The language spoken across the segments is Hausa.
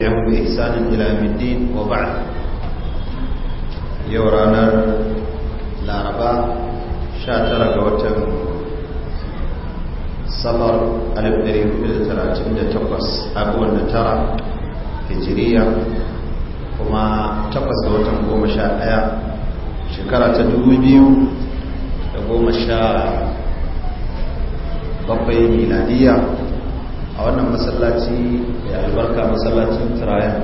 yau ihsanin ilamiddin wa ba'd yau ranar laraba 19 ga watan samar 1438 abuwan da tara hijiriya kuma 8 ga watan 11 shekara ta 2017 miladiya a wannan masallaci da albarka masallacin tirayen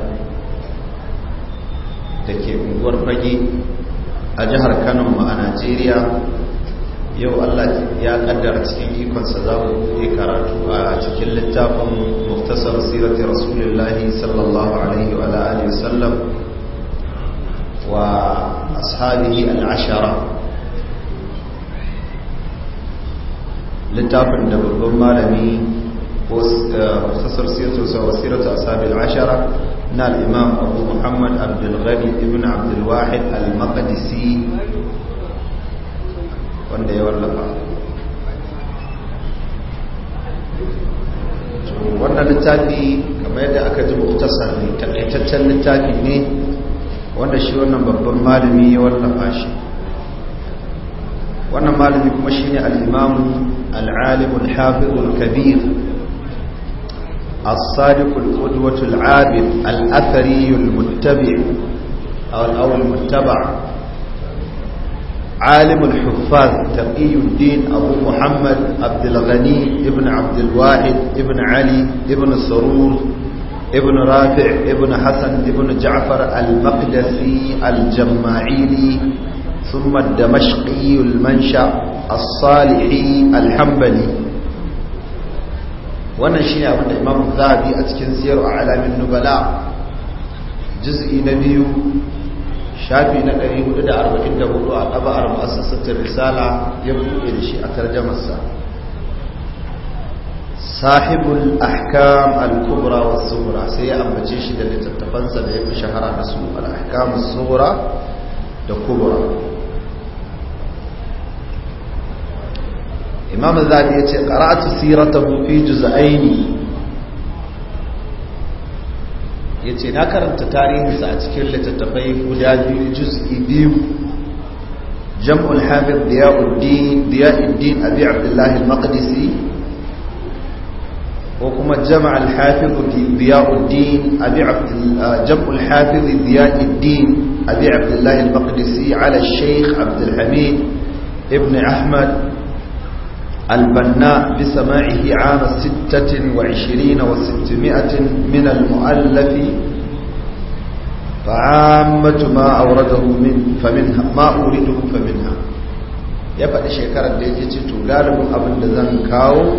da ke unguwar fage a jihar kano ma a najeriya yau allah ya kaddara cikin ikonsa za mu yi karatu a cikin littafin muftasar sirati rasulullahi sallallahu alaihi wa alihi sallam wa ashabihi al'ashara littafin da babban malami مختصر سيرة وسيرة أصحاب العشرة من الإمام أبو محمد عبد الغني بن عبد الواحد المقدسي وانده يوال لقاء وانا نتاكي كما يدى أكد مختصر تقيتتا نتاكي ني وانا شوانا ببن مالمي يوال لقاشي وانا مالمي كمشيني الإمام العالم الحافظ الكبير الكبير الصادق القدوة العابد الأثري المتبع أو المتبع عالم الحفاظ تقي الدين أبو محمد عبد الغني ابن عبد الواحد ابن علي ابن السرور ابن رافع ابن حسن ابن جعفر المقدسي الجماعيلي ثم الدمشقي المنشأ الصالحي الحنبلي wannan shine abin da Imam Zahabi a cikin Siyar Alamin Nubala jiz'i na biyu shafi na 444 a ɗaba'ar mu'assasatul risala ya buɗe da shi a tarjamarsa sahibul ahkam al-kubra sai ya ambace shi da littattafansa da ya fi shahara da su al-ahkam as da kubra imam zabi ya ce qara'atu siratahu fi juz'aini ya ce na karanta tarihinsa a cikin littattafai guda biyu juz'i biyu jam'ul hafiz diya'uddin diya'uddin abi abdullah al-maqdisi ko kuma jama'al hafiz diya'uddin abi abdullah jam'ul hafiz diya'uddin abi abdullah al-maqdisi ala shaykh abdul hamid ibn ahmad البناء بسماعه عام ستة وعشرين وستمائة من المؤلف فعامة ما أورده من فمنها ما أورده فمنها ya faɗi shekarar da yake ci to galibin abin da zan kawo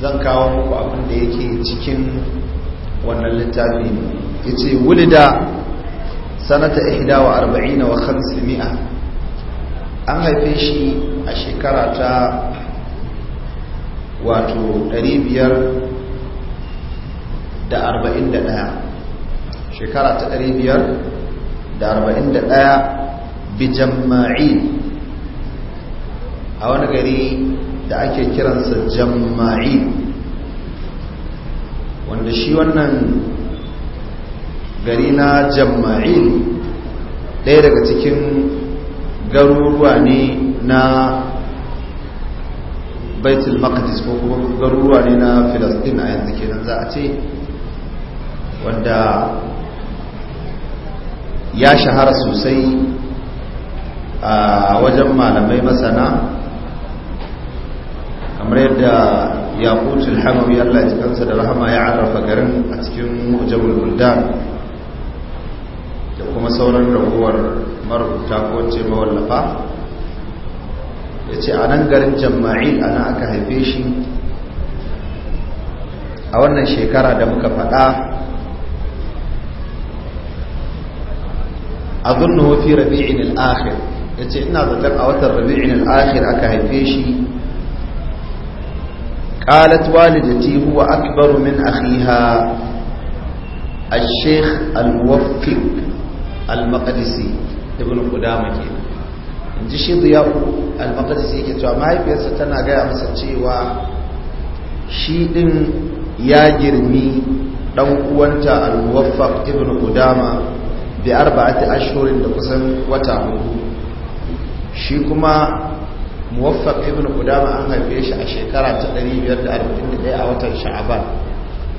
zan abin da yake cikin wannan littafi ya ce sanata ihda an haife shi a shekara ta wato 541 shekara ta 541 bijamma'il a wani gari da ake kiransa jamma'i wanda shi wannan gari na jamma'i ɗaya daga cikin garuruwa ne na baitul maqdis ko kuma garuruwa ne na filastin a yanzu kenan za a ce wanda ya shahara sosai a wajen malamai masana kamar yadda kuci hamawi allah ya kansa da rahama ya arafa garin a cikin mujabul buldan da kuma sauran raguwar marubuta ko ce mawallafa ya ce a nan garin jama'il ana aka haife shi a wannan shekara da muka faɗa a zunnuhu fi rabi'in al'akhir ya ce ina zaton a watan rabi'in al'akhir aka haife shi قالت والدتي هو أكبر من أخيها الشيخ الموفق المقدسي ابن قدامة inji ji shi ziyaru al-maqdisi yake cewa mahaifiyarsa tana gaya masa cewa shi din ya girmi dan uwanta al-muwaffaq ibn qudama bi arba'ati ashhurin da kusan wata hudu shi kuma muwaffaq ibn qudama an haife shi a shekara ta 541 a watan sha'aban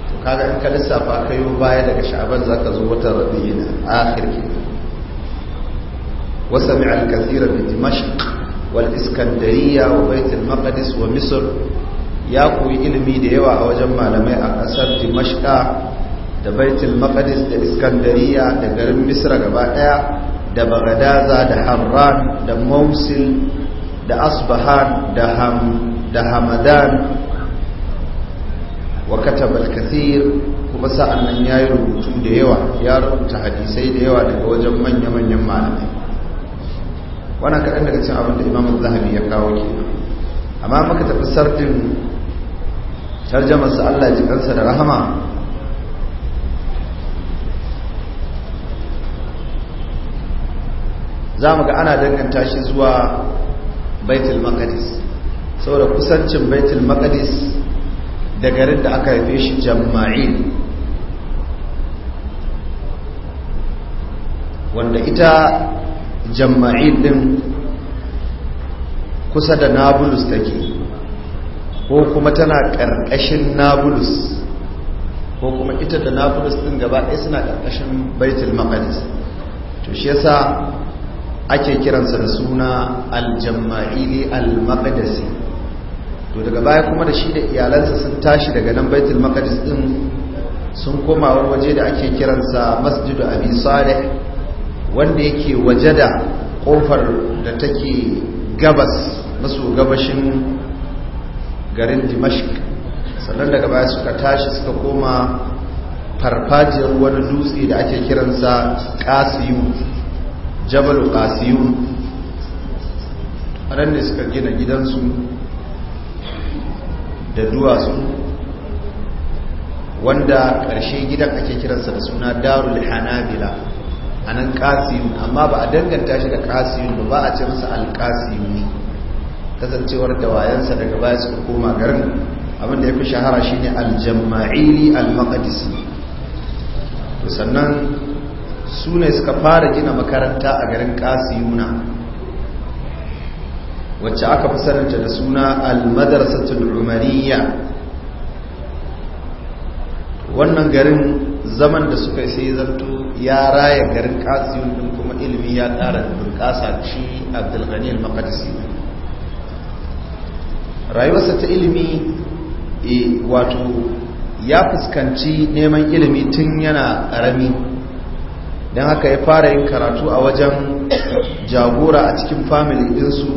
to kaga in ka lissafa kayo baya daga sha'aban zaka zo watan rabi'in akhir kenan وسمع الكثير بدمشق والإسكندرية وبيت المقدس ومصر ya koyi ilimi da yawa a wajen malamai a ƙasar dimashka da baitul da iskandariya da garin misra gaba ɗaya da bagadaza da harran da mausil da asbahan da hamadan wa kataba al-kathir kuma sa'annan yayi rubutu da yawa ya rubuta hadisai da yawa daga wajen manya-manyan malamai wannan kaɗan daga cin abin da imamun zahabi ya kawo ke amma muka tafi sardin tarjamarsa allah ji kansa da rahama za mu ga ana danganta shi zuwa baitul maqdis saboda kusancin baitul maqdis da garin da aka haife shi jama'in wanda ita jama'in din kusa da nabulus take ko kuma tana ƙarƙashin nabulus ko kuma ita da nabulus din gaba ɗaya suna ƙarƙashin baitul maqdis to shi yasa ake kiransa da suna aljama'ili al-maqdisi to daga baya kuma da shi da iyalansa sun tashi daga nan baitul maqdis din sun koma waje da ake kiransa masjidu abi salih wanda yake waje da kofar da take gabas maso gabashin garin dimashik sannan daga baya suka tashi suka koma farfajiyar wani dutse da ake kiransa kasiyu jabalu kasiyu ran da suka gina gidansu da duwatsu wanda ƙarshe gidan ake kiransa da suna darul hanabila a nan ƙasiyun amma ba a danganta shi da ƙasiyun ba ba a ce masa ne kasancewar wayansa daga baya suka koma garin abinda ya fi shahara shi ne aljama'ili al sannan su ne suka fara gina makaranta a garin ƙasiyuna wacce aka fi sanarta da suna al-madarsatul umariya wannan garin zaman da suka sai zartu ya raya garin katsiyun din kuma ilimi ya ƙara bunƙasa ci abdulghani al-maqdisi rayuwarsa ta ilimi e, wato ya fuskanci neman ilimi tun yana ƙarami don haka ya fara yin karatu a wajen jagora a cikin famili ɗinsu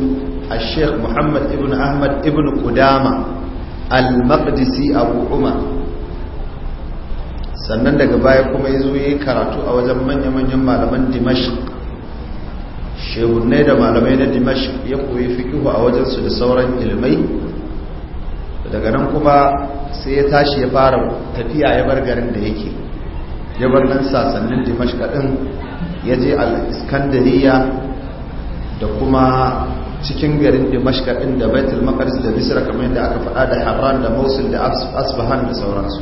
a sheikh muhammad ibn ahmad ibn kudama al-maqdisi abu umar sannan daga baya kuma ya zo ya yi karatu a wajen manya-manyan malaman dimashq shehunai da malamai na dimashq ya koyi fikihu a wajensu da sauran ilmai daga nan kuma sai ya tashi ya fara tafiya ya bar garin da yake ya bar nan sasannin dimashq ɗin ya je al-iskandariya da kuma cikin garin dimashq ɗin da baitul maqdis da bisra kamar yadda aka faɗa da harran da mosul da asbahan da sauransu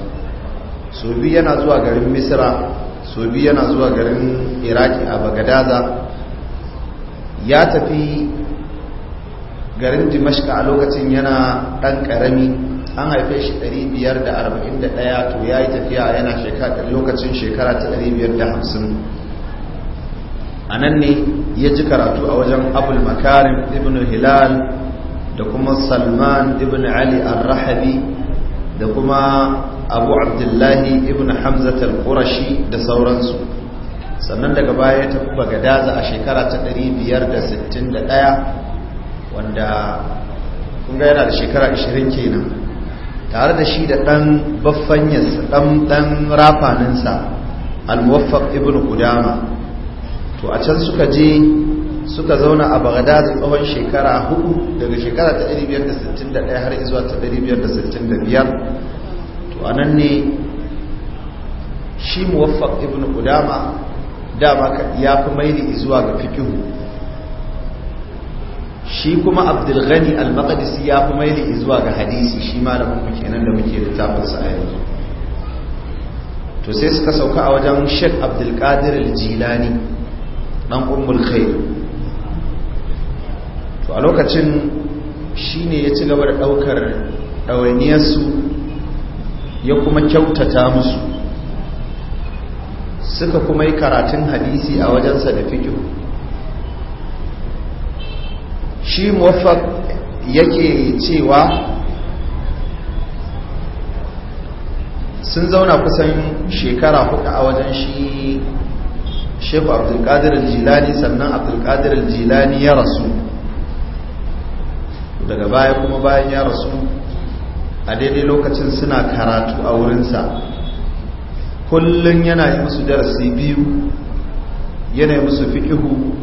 so biyu yana zuwa garin misira so biyu yana zuwa garin iraki a bagadaza ya tafi garin dimashka a lokacin yana ɗan ƙarami an haife shi 541 to ya yi tafiya yana lokacin shekara ta 550 a nan ne ya ji karatu a wajen abul makarim ibn hilal da kuma salman ibn ali al-rahabi da kuma abu abdullahi ibn Hamza al-qurashi da sauransu sannan daga baya ya tafi daza a shekara ta 561 wanda kun ga yana da shekara 20 kenan tare da shi da ɗan baffanyarsa ɗan rafaninsa al-muwaffaq ibn qudama to a can suka je suka zauna a baghdad tsawon shekara 4 daga shekara ta 561 har zuwa ta 565 to anan ne shi muwaffaq ibnu qudama dama ya fi maili zuwa ga fikihu shi kuma Abdul ghani al-maqdisi ya fi maili zuwa ga hadisi shi malamin mu kenan da muke tafsir sa a yanzu to sai suka sauka a wajen Sheikh Abdul Qadir al-Jilani dan ummul khair to a lokacin shine ya ci gaba da daukar dawainiyar su ya kuma kyautata musu suka kuma yi karatun hadisi a wajensa da fikin shi muwaffaq yake cewa sun zauna kusan shekara hudu a wajen shi shefu abdulkadir jilani sannan abdulkadir al-jilani ya rasu daga baya kuma bayan ya rasu a daidai lokacin suna karatu a wurinsa kullum yana yi musu darasi biyu yana yi musu fiƙihu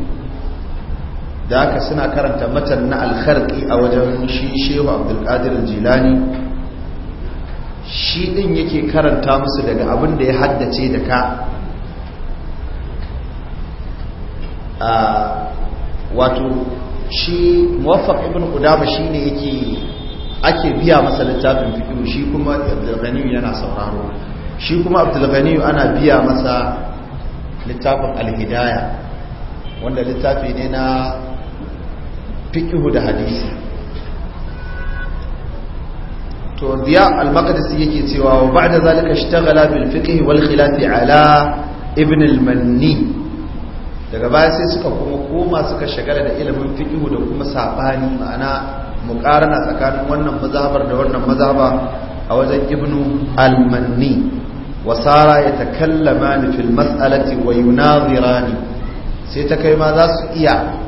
da aka suna karanta matan na alkharki a wajen shi shehu abdulkadir jilani shi ɗin yake karanta musu daga abin da ya haddace da ka ah, wato shi muwaffaq ibn shi ne yake ake biya masa littafin fikihu shi kuma abdulghaniyu yana sauraro shi kuma abdulghaniyu ana biya masa littafin alhidaya wanda littafi ne na fikihu da hadisi to biya al-maqdisi yake cewa wa ba'da zalika ishtaghala bil fiqh wal khilafi ala ibn al-manni daga baya sai suka kuma koma suka shagala da ilimin fiqh da kuma sabani ma'ana muƙarana tsakanin wannan mazhabar da wannan mazhaba a wajen ibnu almanni wa sara ya takallama ni fil mas'alati wa yunazirani sai ta kai ma za su iya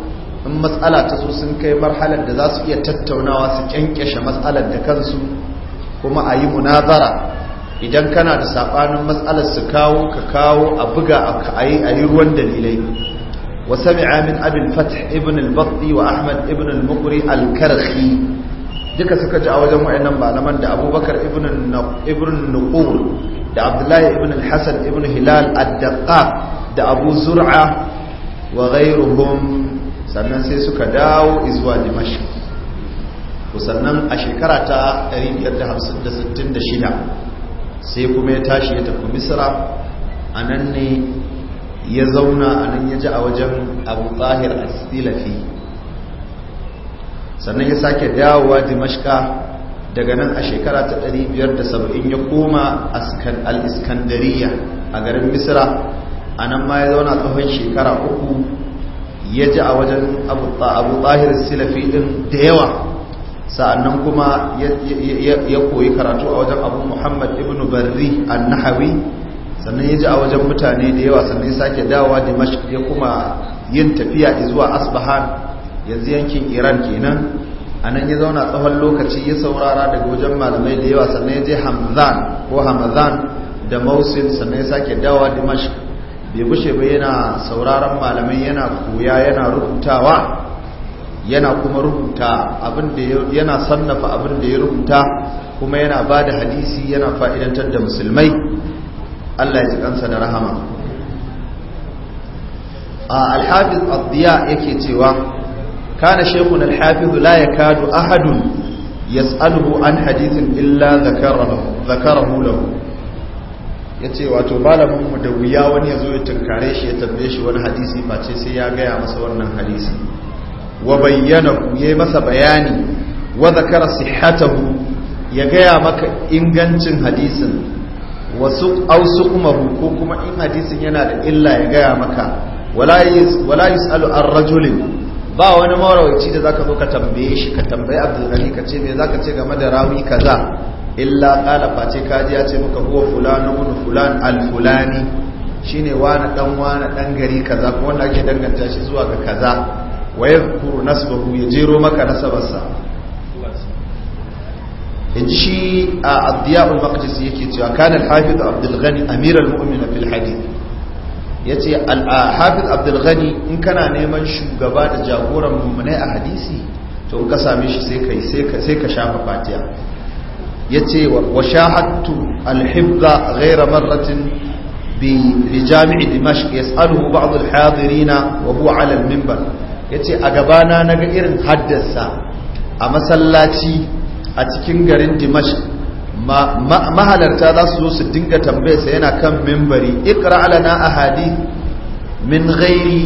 in matsala ta so sun kai marhalar da za su iya tattaunawa su kyankyashe matsalar da kansu kuma a yi munazara idan kana da saɓanin matsalar su kawo ka kawo a buga a yi ruwan dalilai وسمع من أبي الفتح ابن البطي وأحمد ابن المقري الكرخي duka suka ji a wajen wayannan malaman da abubakar ibn nuqur da abdullahi ibn hasan ibn hilal ad-daqqaq da abu zur'a wa sannan sai suka dawo izuwa dimashq sannan a shekara ta 1566 sai kuma ya tashi ya tafi misra anan ne ya zauna a nan ya ji a wajen abu tsahir a tsilafi sannan ya sake dawowa dimashka daga nan a shekara ta 570 ya koma al-iskandariya a garin misra a nan ma ya zauna tsawon shekara uku ya ji a wajen abu tsahir silafi din da yawa sa'annan kuma ya koyi karatu a wajen abu muhammad ibn barri a nahawi sannan ya ji a wajen mutane da yawa sannan ya sake dawowa dimashq ya kuma yin tafiya zuwa asbahan yanzu yankin iran kenan a nan ya zauna tsawon lokaci ya saurara daga wajen malamai da yawa sannan ya je hamzan ko hamzan da mausin sannan ya sake dawowa dimashq bai bushe ba yana sauraron malamai yana koya yana rubutawa yana kuma rubuta abinda yana sannafa abin da ya rubuta kuma yana ba da hadisi yana fa'idantar da musulmai Allah ya kansa da rahama A alhafiz ad yake cewa kana shaykhun al-hafiz la yakadu ahadun yas'aluhu an hadithin illa zakarahu zakarahu Ya ce, wato malamin mu da wuya wani yazo ya tunkare shi ya tambaye shi wani hadisi face sai ya gaya masa wannan hadisi wa bayyanahu yi masa bayani wa zakara sihhatahu ya gaya maka ingancin hadisin wasu ausu kuma ko kuma in hadisin yana da illa ya gaya maka wala yi yus'alu an rajulin ba wani marawaci da zaka zo ka tambaye shi ka tambaye abdulgani ka ce me zaka ce game da rami kaza illa kala face kaji ya ce muka huwa fulani wani fulani alfulani shi shine wani dan wani dan gari kaza ko wanda ake danganta shi zuwa ga kaza wa yadhkuru nasbahu jero maka nasabarsa in shi a abdiyahul maqdisi yake cewa kana al-hafiz abdul ghani amirul fil hadith yace al-hafiz abdul in kana neman shugaba da jagoran mu'minai a hadisi to ka same shi sai kai sai ka sai ka shafa fatiha yace wa shahadtu al-hibza ghayra marratin bi jami'i dimashq yas'aluhu ba'd al-hadirina wa bu 'ala mimbar ya yace a gabana naga irin haddasa a masallaci a cikin garin dimash mahalarta za su zo su dinga tambayarsa yana kan membari. ikra alana ahadi min ghairi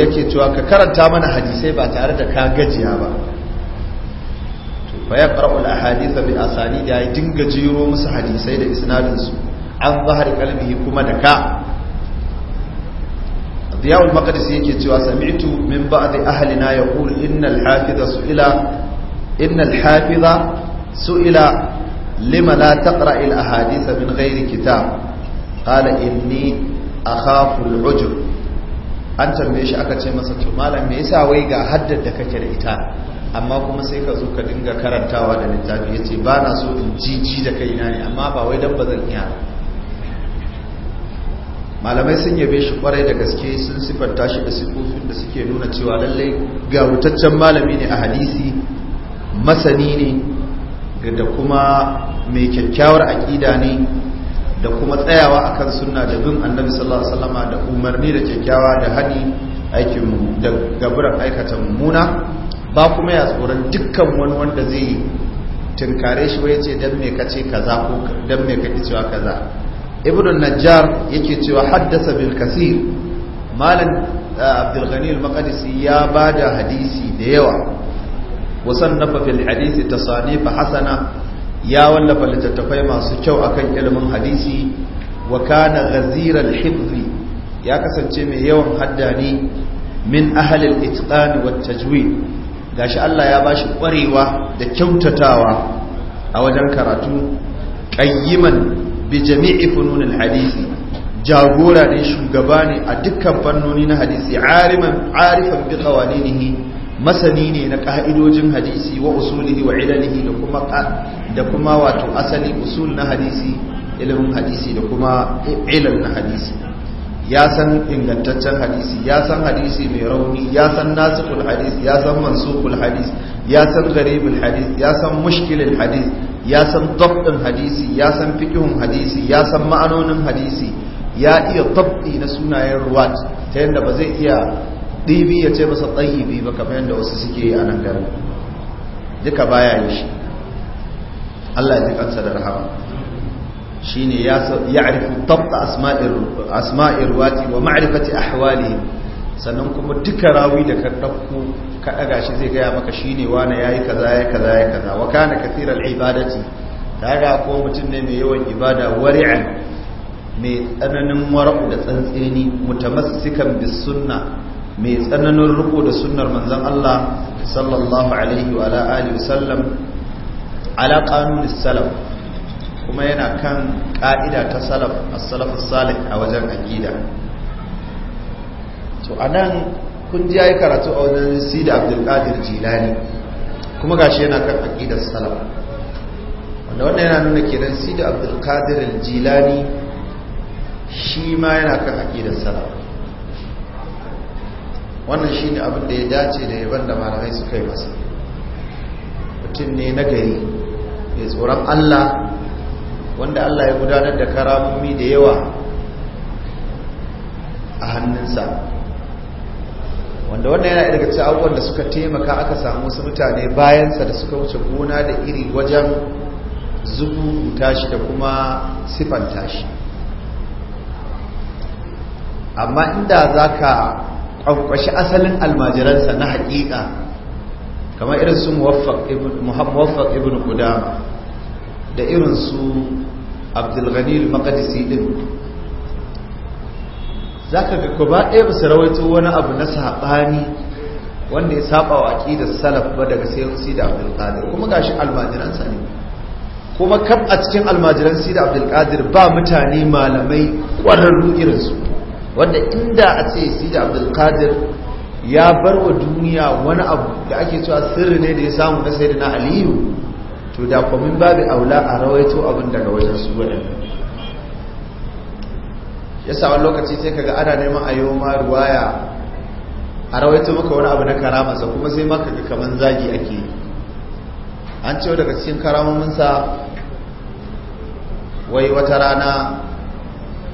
yake cewa ka karanta mana hadisai ba tare da ka gajiya ba fayar ƙar'ul a bin asani da ya dinga jiro musu hadisai da isnadinsu an zahar kalbihi kuma da ka diyawul makadisi yake cewa sami'tu min ba'd ahlina yaqul innal hafiza su'ila innal hafiza su'ila lima la taqra al ahadith min ghairi kitab qala inni akhafu al ujub an tambaye shi aka ce masa to malam me yasa wai ga haddar da kake da ita amma kuma sai ka zo ka dinga karantawa da littafi yace ba na so in jiji da kaina ne amma ba wai dan bazan iya malamai sun yabe shi kwarai da gaske sun sifanta shi da sifofin da suke nuna cewa lallai garutaccen malami ne a hadisi masani ne da kuma mai kyakkyawar aƙida ne da kuma tsayawa akan sunna da bin annabi sallallahu alaihi wasallama da umarni da kyakkyawa da hani aikin da gaburan aikata mummuna ba kuma ya tsoron dukkan wani wanda zai tunkare shi wai ce dan me kace kaza ko dan me kace cewa kaza ibn najjar yake cewa haddasa bil kasir malam eh, abdul ghani al-maqdisi ya bada hadisi da yawa wa sannafa fil hadisi tasanif hasana ya wallafa littattafai masu kyau akan ilimin hadisi wa kana ghazira al-hifzi ya kasance mai yawan haddani min ahli al-itqan wa tajwid gashi Allah ya bashi kwarewa da kyautatawa a wajen karatu qayyiman bijami'i jami'i hadisi jagora ne shugaba ne a dukkan fannoni na hadisi ariman arifan bi qawalinihi masani ne na ka'idojin hadisi wa usulihi wa ilalihi da kuma da kuma wato asali usul na hadisi ilimin hadisi da kuma ilal na hadisi ya san ingantaccen hadisi ya san hadisi mai rauni ya san nasikul hadis ya san mansukul hadis ya san garibul hadis ya san mushkilin hadis ya san dabdin hadisi ya san fikihun hadisi ya san ma'anonin hadisi ya iya dabdi na sunayen ruwat ta yadda ba zai iya ɗibi ya ce masa ɗahibi ba kamar yadda wasu suke yi a nan garin duka baya yi shi Allah ya ji kansa da rahama shine ya arifu tabta asma'ir ruwati wa ma'rifati ahwalihim sannan kuma duka rawi da ka dauko ka daga shi zai gaya maka shi ne shine ya yi kaza yayi kaza yayi kaza wa kana kathiral ibadati daga ko mutum ne mai yawan ibada wari'an mai tsananin wara'u da tsantseni mutamassikan bis sunna mai tsananin riko da sunnar manzon Allah sallallahu alaihi wa ala alihi wasallam ala qanunis salaf kuma yana kan ka'ida ta salaf as-salaf salih a wajen aqida to anan kun ji yi karatu a wajen Sidi Abdul Qadir Jilani kuma gashi yana kan aqidar salaf wanda wannan yana nuna kenan Sidi Abdul Qadir Jilani shi ma yana kan aqidar salaf wannan shi ne abin da ya dace da yaban da malamai suka yi masa mutum ne na gari mai tsoron Allah wanda Allah ya gudanar da karamomi da yawa a hannunsa wanda wannan yana daga cikin abubuwan da suka taimaka aka samu wasu mutane bayansa da suka wuce gona da iri wajen zubu tashi da kuma sifan tashi amma inda za ka ƙwanƙwashi asalin almajiransa na haƙiƙa kamar irin su ibnu ibn kudama da irin su abdulghani al-maqdisi din zaka ga ɗaya ba su rawaito wani abu na saɓani wanda ya saba wa da salaf ba daga sai da abdul kuma gashi shi sa ne kuma kaf a cikin almajiran sai da abdul ba mutane malamai ƙwararru irin su wanda inda a ce sai da abdul ya bar wa duniya wani abu da ake cewa sirri ne da ya samu na na aliyu to da kwamin babu aula a rawaito abin daga wajen su wani. ya sa wani lokaci sai kaga ana neman a wa ma ruwaya a rawaito maka wani abu na karamarsa kuma sai maka ga kaman zagi ake an ce daga cikin sa wai wata rana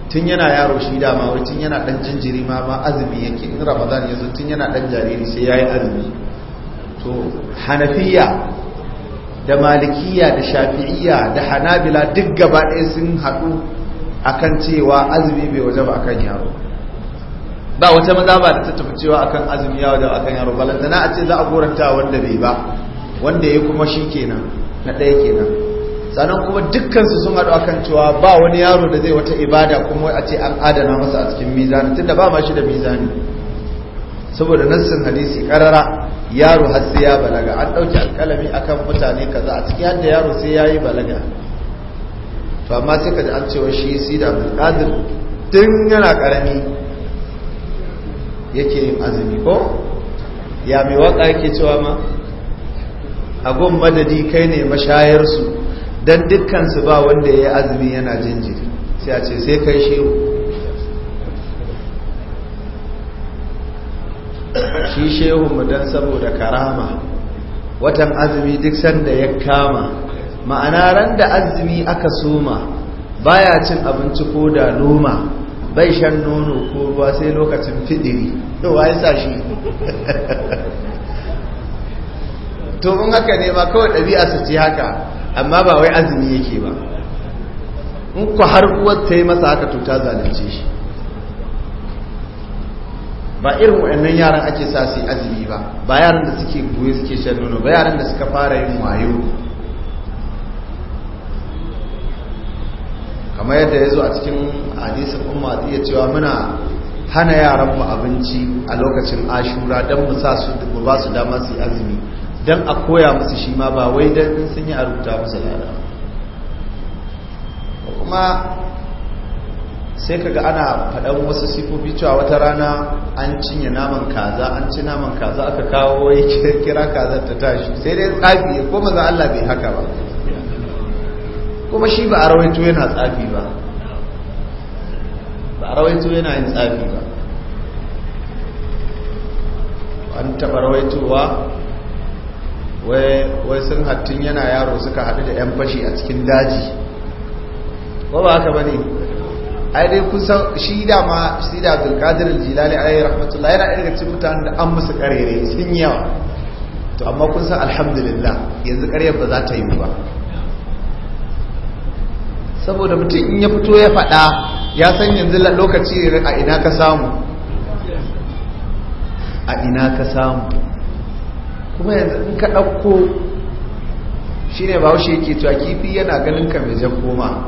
tun yana yaro shi dama wai tun yana dan jinjiri ma ma azumi yake in ramadan yazo tun yana dan jariri sai yayi azumi to hanafiya da malikiya da shafi'iya da hanabila duk gaba ɗaya sun haɗu akan cewa azumi bai waje ba akan yaro ba wata maza ba da ta tafi cewa akan azumi ya waje akan yaro na a ce za a goranta wanda bai ba wanda ya kuma shi kenan na ɗaya kenan sannan kuma dukkansu sun haɗu akan cewa ba wani yaro da zai wata ibada kuma a ce an adana masa a cikin mizani tunda ba ma shi da mizani saboda nassin hadisi karara yaro har sai ya balaga an ɗauki alƙalami akan mutane kaza a ciki yadda yaro sai ya yi balaga to amma sai ka ji an cewa shi sida abdulkadir tun yana ƙarami yake yin azumi ko ya mai waka yake cewa ma A gun madadi kai ne mashayarsu don dukkansu ba wanda ya yi azumi yana jinjiri sai a ce sai kai shehu shi shehu mu dan saboda karama watan azumi duk sanda ya kama ma'ana ran da azumi aka soma baya cin abinci ko da noma bai shan nono ko ruwa sai lokacin fidiri to wa yasa to in haka ne ma kawai ɗabi'a su ce haka amma ba wai azumi yake ba in ku har uwar ta yi masa haka to ta zalunce shi ba irin waɗannan yaran ake sa su azumi ba ba yaran da suke goye suke shan nono ba yaran da suka fara yin wayo kamar yadda ya zo a cikin hadisin umma iya cewa muna hana yaran mu abinci a lokacin ashura don mu sa su da ba su dama su azumi don a koya musu shi ma ba wai don sun yi a rubuta musu lada kuma sai kaga ana faɗan wasu sifofi cewa wata rana an cinye naman kaza an ci naman kaza aka kawo ya kira kazar ta tashi sai dai tsafi ko maza Allah bai haka ba kuma shi ba a rawaito yana tsafi ba ba a rawaito yana yin tsafi ba an taɓa rawaitowa wai sun hattun yana yaro suka haɗu da 'yan fashi a cikin daji ba ba haka ba ne ai dai kusan shi da ma shi da zulkadir aljilali alayhi rahmatullah yana daga cikin mutanen da an musu karere sun yawa to amma kun san alhamdulillah yanzu karyar ba za ta yi ba saboda mutum in ya fito ya faɗa ya san yanzu lokaci ne a ina ka samu a ina ka samu kuma yanzu in ka ɗauko shi ne ba haushe yake cewa kifi yana ganin ka mai jan koma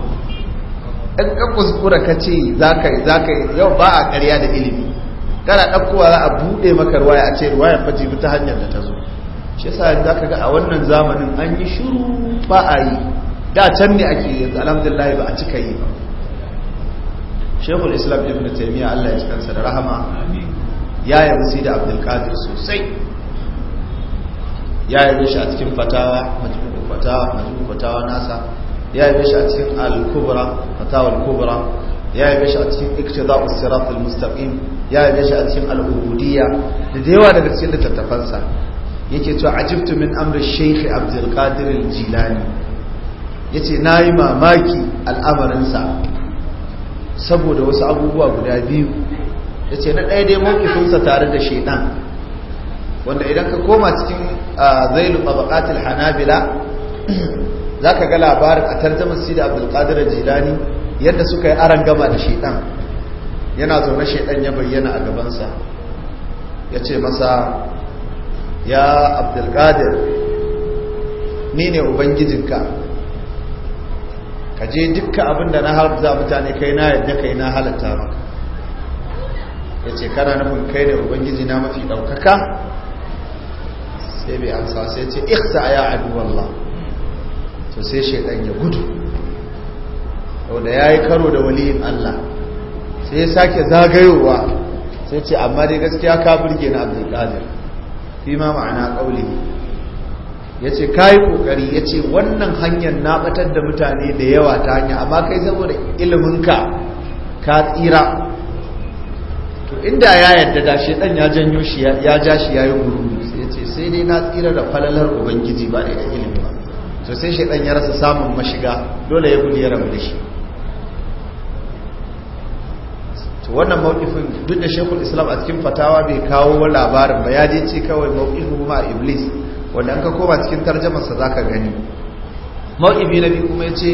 in ka kuskura ka ce za ka yau ba a karya da ilimi kana ɗaukowa za a buɗe maka ruwaya a ce ruwaya fa jibi ta hanyar da ta zo shi yasa za ka ga a wannan zamanin an yi shiru ba a yi da can ne ake yanzu alhamdulillah ba a cika yi ba shekul islam ibn taimiyya allah ya kansa da rahama ya yi da abdulkadir sosai ya yi shi a cikin fatawa majmu'ul fatawa fatawa nasa ya yi shi a cikin al-kubra al kubra ya yi a cikin iktida'us sirat al-mustaqim ya yi shi a cikin al-ubudiyya da da yawa daga cikin littattafansa yake cewa ajibtu min amri shaykh abdul qadir al-jilani yace nayi mamaki al'amarinsa saboda wasu abubuwa guda biyu yace na ɗaya dai sa tare da shaidan wanda idan ka koma cikin ah, zailu tabaqatil hanabila za ka ga labarin a tarjamar sida abdulkadir jilani yadda suka yi aron gama da shaidan yana zaune shaidan ya bayyana a gabansa ya ce masa ya abdulkadir ni ne ubangijinka ka je dukkan abin da na za mutane kai na yadda kai na halatta maka ya ce kana nufin kai ne ubangiji na mafi ɗaukaka sai bai amsa sai ce iksa ya aduwallah to sai shaidan ya gudu da ya yi karo da waliyin Allah sai ya sake zagayowa sai ce amma dai gaskiya ka burge na abdulkadir fi ma ma'ana ƙauli ya ce ka yi ƙoƙari ya ce wannan hanyar na ɓatar da mutane da yawa ta hanya amma kai saboda iliminka ka tsira to inda ya yadda da shi ɗan ya janyo shi ya ja shi ya yi guru sai ce sai dai na tsira da falalar ubangiji ba da ilimin ba to sai shaidan ya rasa samun mashiga dole ya gudu ya rabu da shi to wannan mawqifin duk da shekul islam a cikin fatawa bai kawo labarin ba ya je ce kawai mawqifin a iblis wanda an ka koma cikin tarjamar za ka gani mawqifi na biyu kuma ya ce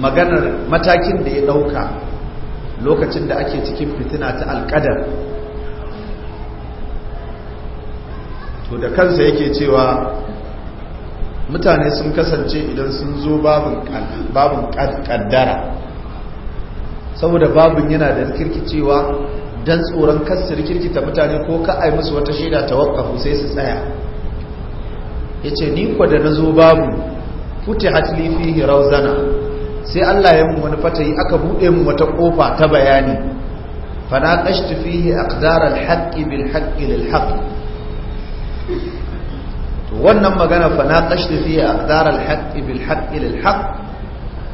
maganar matakin da ya ɗauka lokacin da ake cikin fitina ta alƙadar to da kansa yake cewa mutane sun kasance idan sun zo babin kaddara saboda babin yana da kirkicewa don tsoron kasu rikirkita mutane ko ka ai musu wata shida ta wakafu sai su tsaya ya ce ni kwa da na zo babu kuti hatlifi fihi rauzana sai allah ya mun wani fata yi aka buɗe mu wata ƙofa ta bayani fana ƙashti a ƙadarar haƙƙi bil haƙƙi lil haƙƙi to wannan magana fa na qashti fi a al-haqq bil haqq lil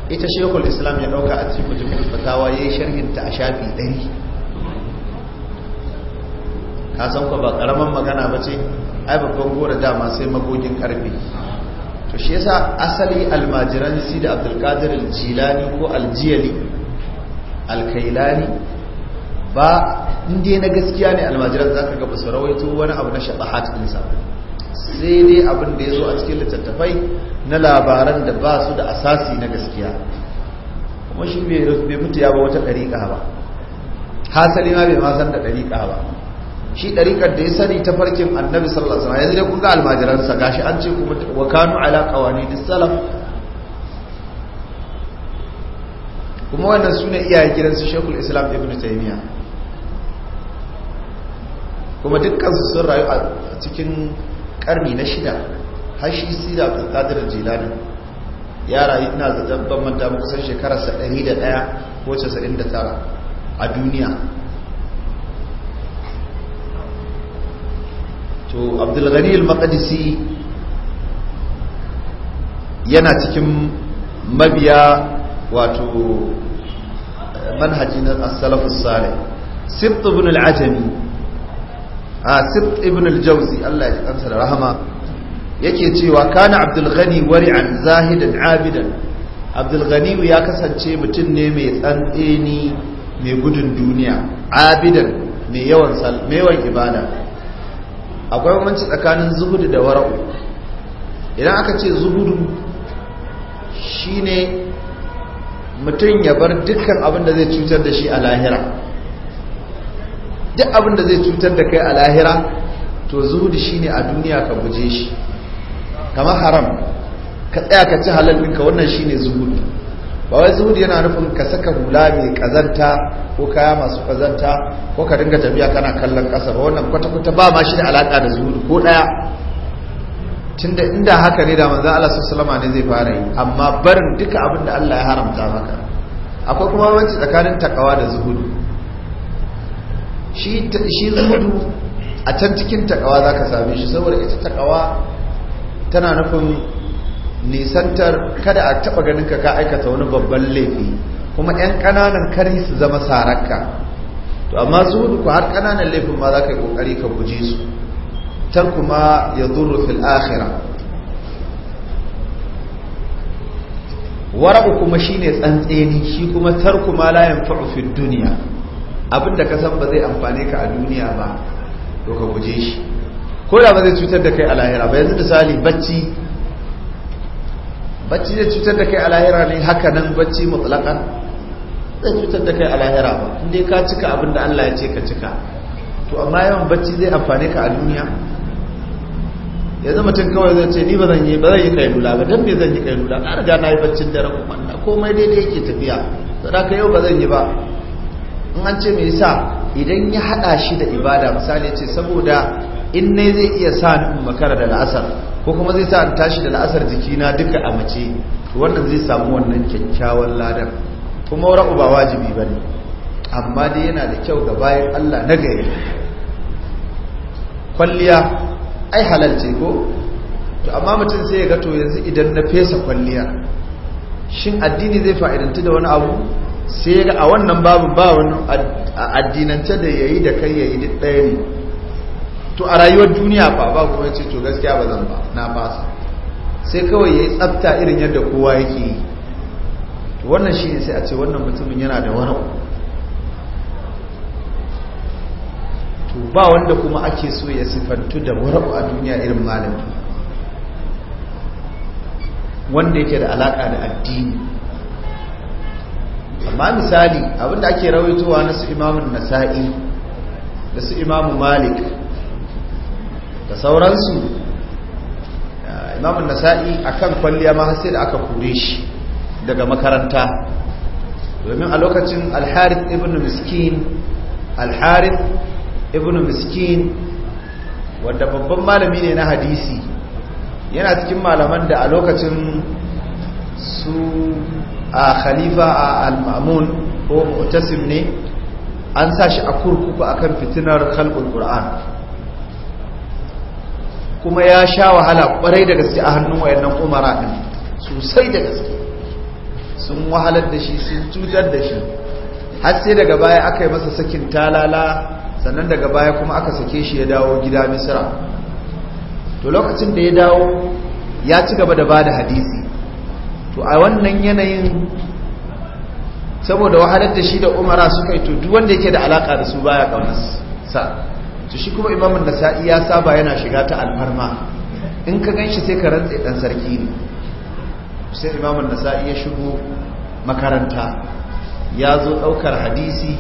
ita shekul islam ya ɗauka a cikin jumhur fatawa yayi sharhin ta a shafi ɗari ka san ko ba karaman magana ba ce ai babban gora dama sai magogin karfi to shi yasa asali almajiran si da abdul qadir al ko al-jiyali al-kailani ba inda na gaskiya ne almajiran zaka ga ba su rawaito wani abu na shabahat din sai dai abin da ya zo a cikin littattafai na labaran da ba su da asasi na gaskiya kuma shi bai mutu ya ba wata ɗariƙa ba hasali ma bai ma san da ɗariƙa ba shi ɗariƙar da ya sani ta farkin annabi sallallahu alaihi wasallam yanzu dai kun ga almajiransa gashi an ce kuma wa kanu ala qawanidis salaf kuma wannan sune iyayen su shekul Islam Ibn Taymiyyah kuma dukkan su sun rayu a cikin karni na shida har shi sida abdulkadir jilani ya rayu ina da ban manta kusan ko 101 ko 99 a duniya to abdulghani al-maqdisi yana cikin mabiya wato manhaji na as-salafus salih sibt ibn al-ajami asif ibn al-jawzi Allah ya kansa da rahama yake cewa kana abdul ghani wari'an zahidan abidan abdul ghani ya kasance mutum ne mai tsantseni mai gudun duniya abidan mai yawan sal mai yawan ibada akwai bambanci tsakanin zuhudu da wara'u idan aka ce zuhudu shine mutum ya bar dukkan abin da zai cutar da shi a lahira duk abin da zai cutar da kai a lahira to zuhudi shine a duniya ka guje shi kamar haram ka tsaya ka ci halal ɗinka wannan shine zuhudi ba wai zuhudi yana nufin ka saka hula mai kazanta ko kaya masu kazanta ko ka dinga tafiya kana kallon ƙasa ba wannan kwata-kwata ba ma shi da alaƙa da zuhudi ko ɗaya tunda inda haka ne da manzan Allah sallama ne zai fara yi amma barin duka abin da Allah ya haramta maka akwai kuma wanci tsakanin takawa da zuhudi shi zuhudu a can cikin takawa za ka same shi saboda ita takawa tana nufin nisantar kada a taba ganin ka ka aikata wani babban laifi kuma 'yan kananan kari su zama sararka to amma hudu ku har kananan laifin ma za ka yi kokari ka guji su tar kuma ya zuru fil akhira wara'u kuma shine tsantseni shi kuma tarku ma la yanfa'u fid dunya abin da ka san ba zai amfane ka a duniya ba to ka guje shi ko da ba zai cutar da kai a lahira ba yanzu misali bacci bacci zai cutar da kai a lahira ne haka nan bacci mutlaka zai cutar da kai a lahira ba inda ka cika abinda Allah ya ce ka cika to amma yawan bacci zai amfane ka a duniya yanzu mutum kawai zai ce ni ba zan yi ba zan yi kailula ba dan me zan yi kai lula na riga na yi baccin dare kuma komai daidai yake tafiya saboda ka yau ba zan yi ba in an ce mai sa idan ya hada shi da ibada misali ce saboda in ne zai iya sa ni in makara da la'asar ko kuma zai sa in tashi da la'asar jikina duka a mace wannan zai samu wannan kyakkyawan ladar, kuma ra'u ba wajibi ba ne amma dai yana da kyau ga bayan allah na gari kwalliya ai halalce ko to amma mutum sai ya gato yanzu idan na fesa kwalliya shin addini zai fa'idanci da wani abu sai ga a wannan babu ba wani addinance da yayi da kai yayi duk ɗaya ne to a rayuwar duniya fa ba kuma ce to gaskiya ba zan ba na sa sai kawai yayi tsafta irin yadda kowa yake yi to wannan shine sai a ce wannan mutumin yana da wani to ba wanda kuma ake so ya sifantu da wani a duniya irin malami wanda yake da alaka da addini amma misali abinda ake rawaitowa na su imamun nasa'i da su imamu malik da sauransu eh, imamun nasa'i akan kwalliya ma sai da aka kure shi daga makaranta domin a lokacin alharif ibn miskin alharif ibn miskin wanda babban malami ne na hadisi yana cikin malaman da a lokacin su a khalifa a al-ma'mun ko mu'tasim ne an sa shi a kurkuku akan fitinar khalqul qur'an kuma ya sha wahala kwarai da gaske a hannun wayannan umara din sosai da gaske sun wahalar da shi sun cutar da shi har sai daga baya aka yi masa sakin talala sannan daga baya kuma aka sake shi ya dawo gida misra to lokacin da ya dawo ya ci gaba da ba da hadisi to a wannan yanayin saboda wahalar da shi da umara suka yi to duk wanda yake da alaka da su baya kaunar sa to shi kuma imamun sa'i ya saba yana shiga ta alfarma in ka gan shi sai ka rantse dan sarki ne sai imamun sa'i ya shigo makaranta ya zo ɗaukar hadisi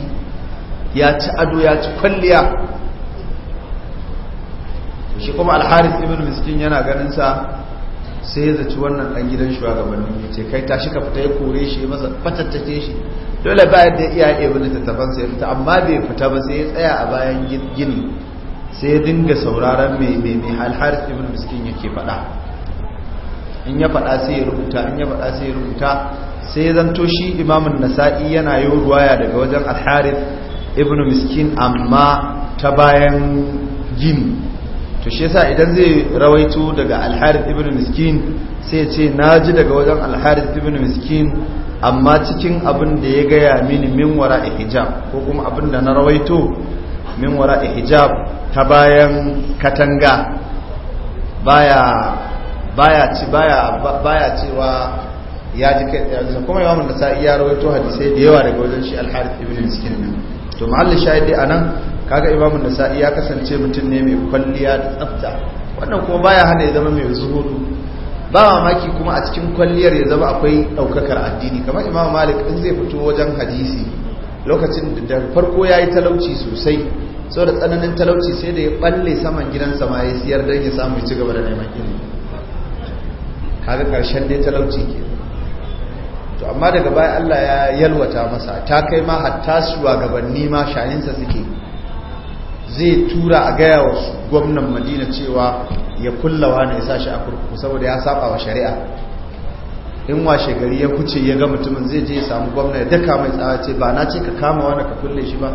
ya ci ado ya ci kwalliya shi kuma alharis ibn miskin yana ganin sa sai ya zaci wannan ɗan gidan shugabanni ya ce kai tashi ka fita ya kore shi ya masa fatattace shi dole bayan da iya iya wani tattafan sai ya fita amma bai fita ba sai ya tsaya a bayan gini sai ya dinga sauraron mai halhar ibn miskin yake faɗa in ya faɗa sai ya rubuta in ya faɗa sai ya rubuta sai zanto shi imamun nasa'i yana yi ruwaya daga wajen alharif ibn miskin amma ta bayan gini to shi yasa idan zai rawaito daga al-harith ibn miskin sai ya ce naji daga wajen al-harith ibn miskin amma cikin abin da ya gaya mini min wara hijab ko kuma abin da na rawaito min wara hijab ta bayan katanga baya baya ci baya baya cewa ya ji kai tsaye kuma yawan da sa'i ya rawaito hadisai da yawa daga wajen shi al-harith ibn miskin to ma'allin dai anan kaga imamun nasa'i ya kasance mutum ne mai kwalliya da tsafta wannan kuma baya hana ya zama mai zuhudu ba mamaki kuma a cikin kwalliyar ya zama akwai daukakar addini kamar imamu malik in zai fito wajen hadisi lokacin da farko ya yi talauci sosai sau da tsananin talauci sai da ya balle saman gidansa ma ya siyar don ya samu ci gaba da neman ilimi kaga karshen dai talauci ke to amma daga baya Allah ya yalwata masa ta kai ma hatta shugabanni ma shaninsa suke zai tura a gaya wa gwamnan madina cewa ya kullawa na isa shi a kurkuku saboda ya saba wa shari'a in washe gari ya kuce ya ga mutumin zai je ya samu gwamna ya daka mai tsawa ce ba na ce ka kama wani ka kulle shi ba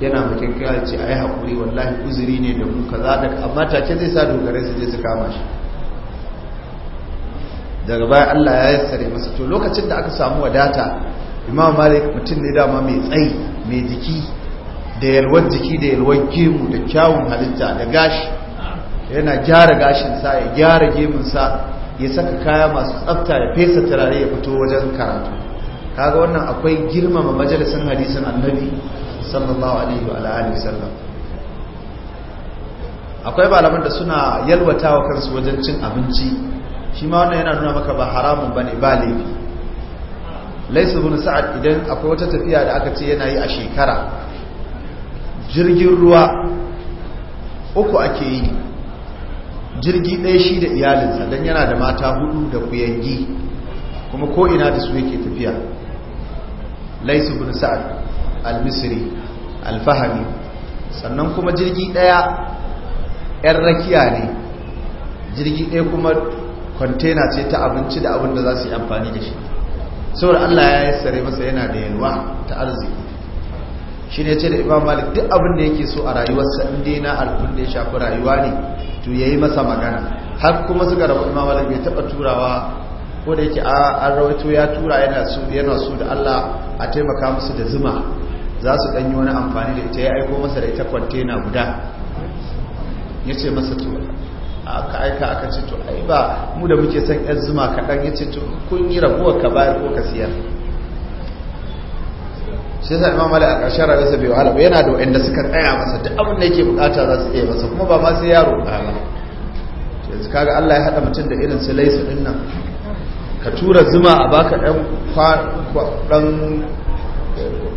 yana mutum kira ce a yi haƙuri wallahi uzuri ne da muka za da amma ta ce zai sa dogare su je su kama shi daga baya allah ya yassare masa to lokacin da aka samu wadata imam malik mutum ne dama mai tsayi mai jiki da yalwar jiki da yalwar gemu da kyawun halitta da gashi yana gyara gashinsa ya gyara gemunsa ya saka kaya masu tsafta ya fesa turare ya fito wajen karatu kaga wannan akwai girmama majalisar hadisin annabi sallallahu alaihi wa alihi wasallam akwai malaman da suna yalwatawa kansu wajen cin abinci shi ma wannan yana nuna maka ba haramun bane ba laifi laisu bin sa'ad idan akwai wata tafiya da aka ce yana yi a shekara jirgin ruwa uku ake yi jirgi ɗaya shi da iyalinsa don yana da mata hudu da kuyangi kuma ko'ina da su yake tafiya laisu bin sa'ad al-misri al-fahami sannan kuma jirgi ɗaya 'yan rakiya ne jirgi ɗaya kuma kwantena ce ta abinci da abin da za su yi amfani da shi saboda allah ya yi sare masa yana da yalwa ta arziki shi ne ce da imam malik duk abin da yake so a rayuwarsa inda na alfin da ya shafi rayuwa ne to ya yi masa magana har kuma suka rabu imam malik bai taɓa turawa ko da yake an rawaito ya tura yana su da allah a taimaka musu da zuma za su ɗanyi wani amfani da ita ya aiko masa da ita kwantena guda ya ce masa to aka aika aka ce to ai ba mu da muke son yan zuma kaɗan ya ce to kun yi rabuwar ka bayar ko ka siyar shi sa ma mala a ƙarshen rayuwarsa bai wahala ba yana da wa'anda suka tsaya masa duk abin da yake bukata za su iya masa kuma ba ma sai yaro ƙara yanzu kaga Allah ya haɗa mutum da irin su laisu nan ka tura zuma a baka ɗan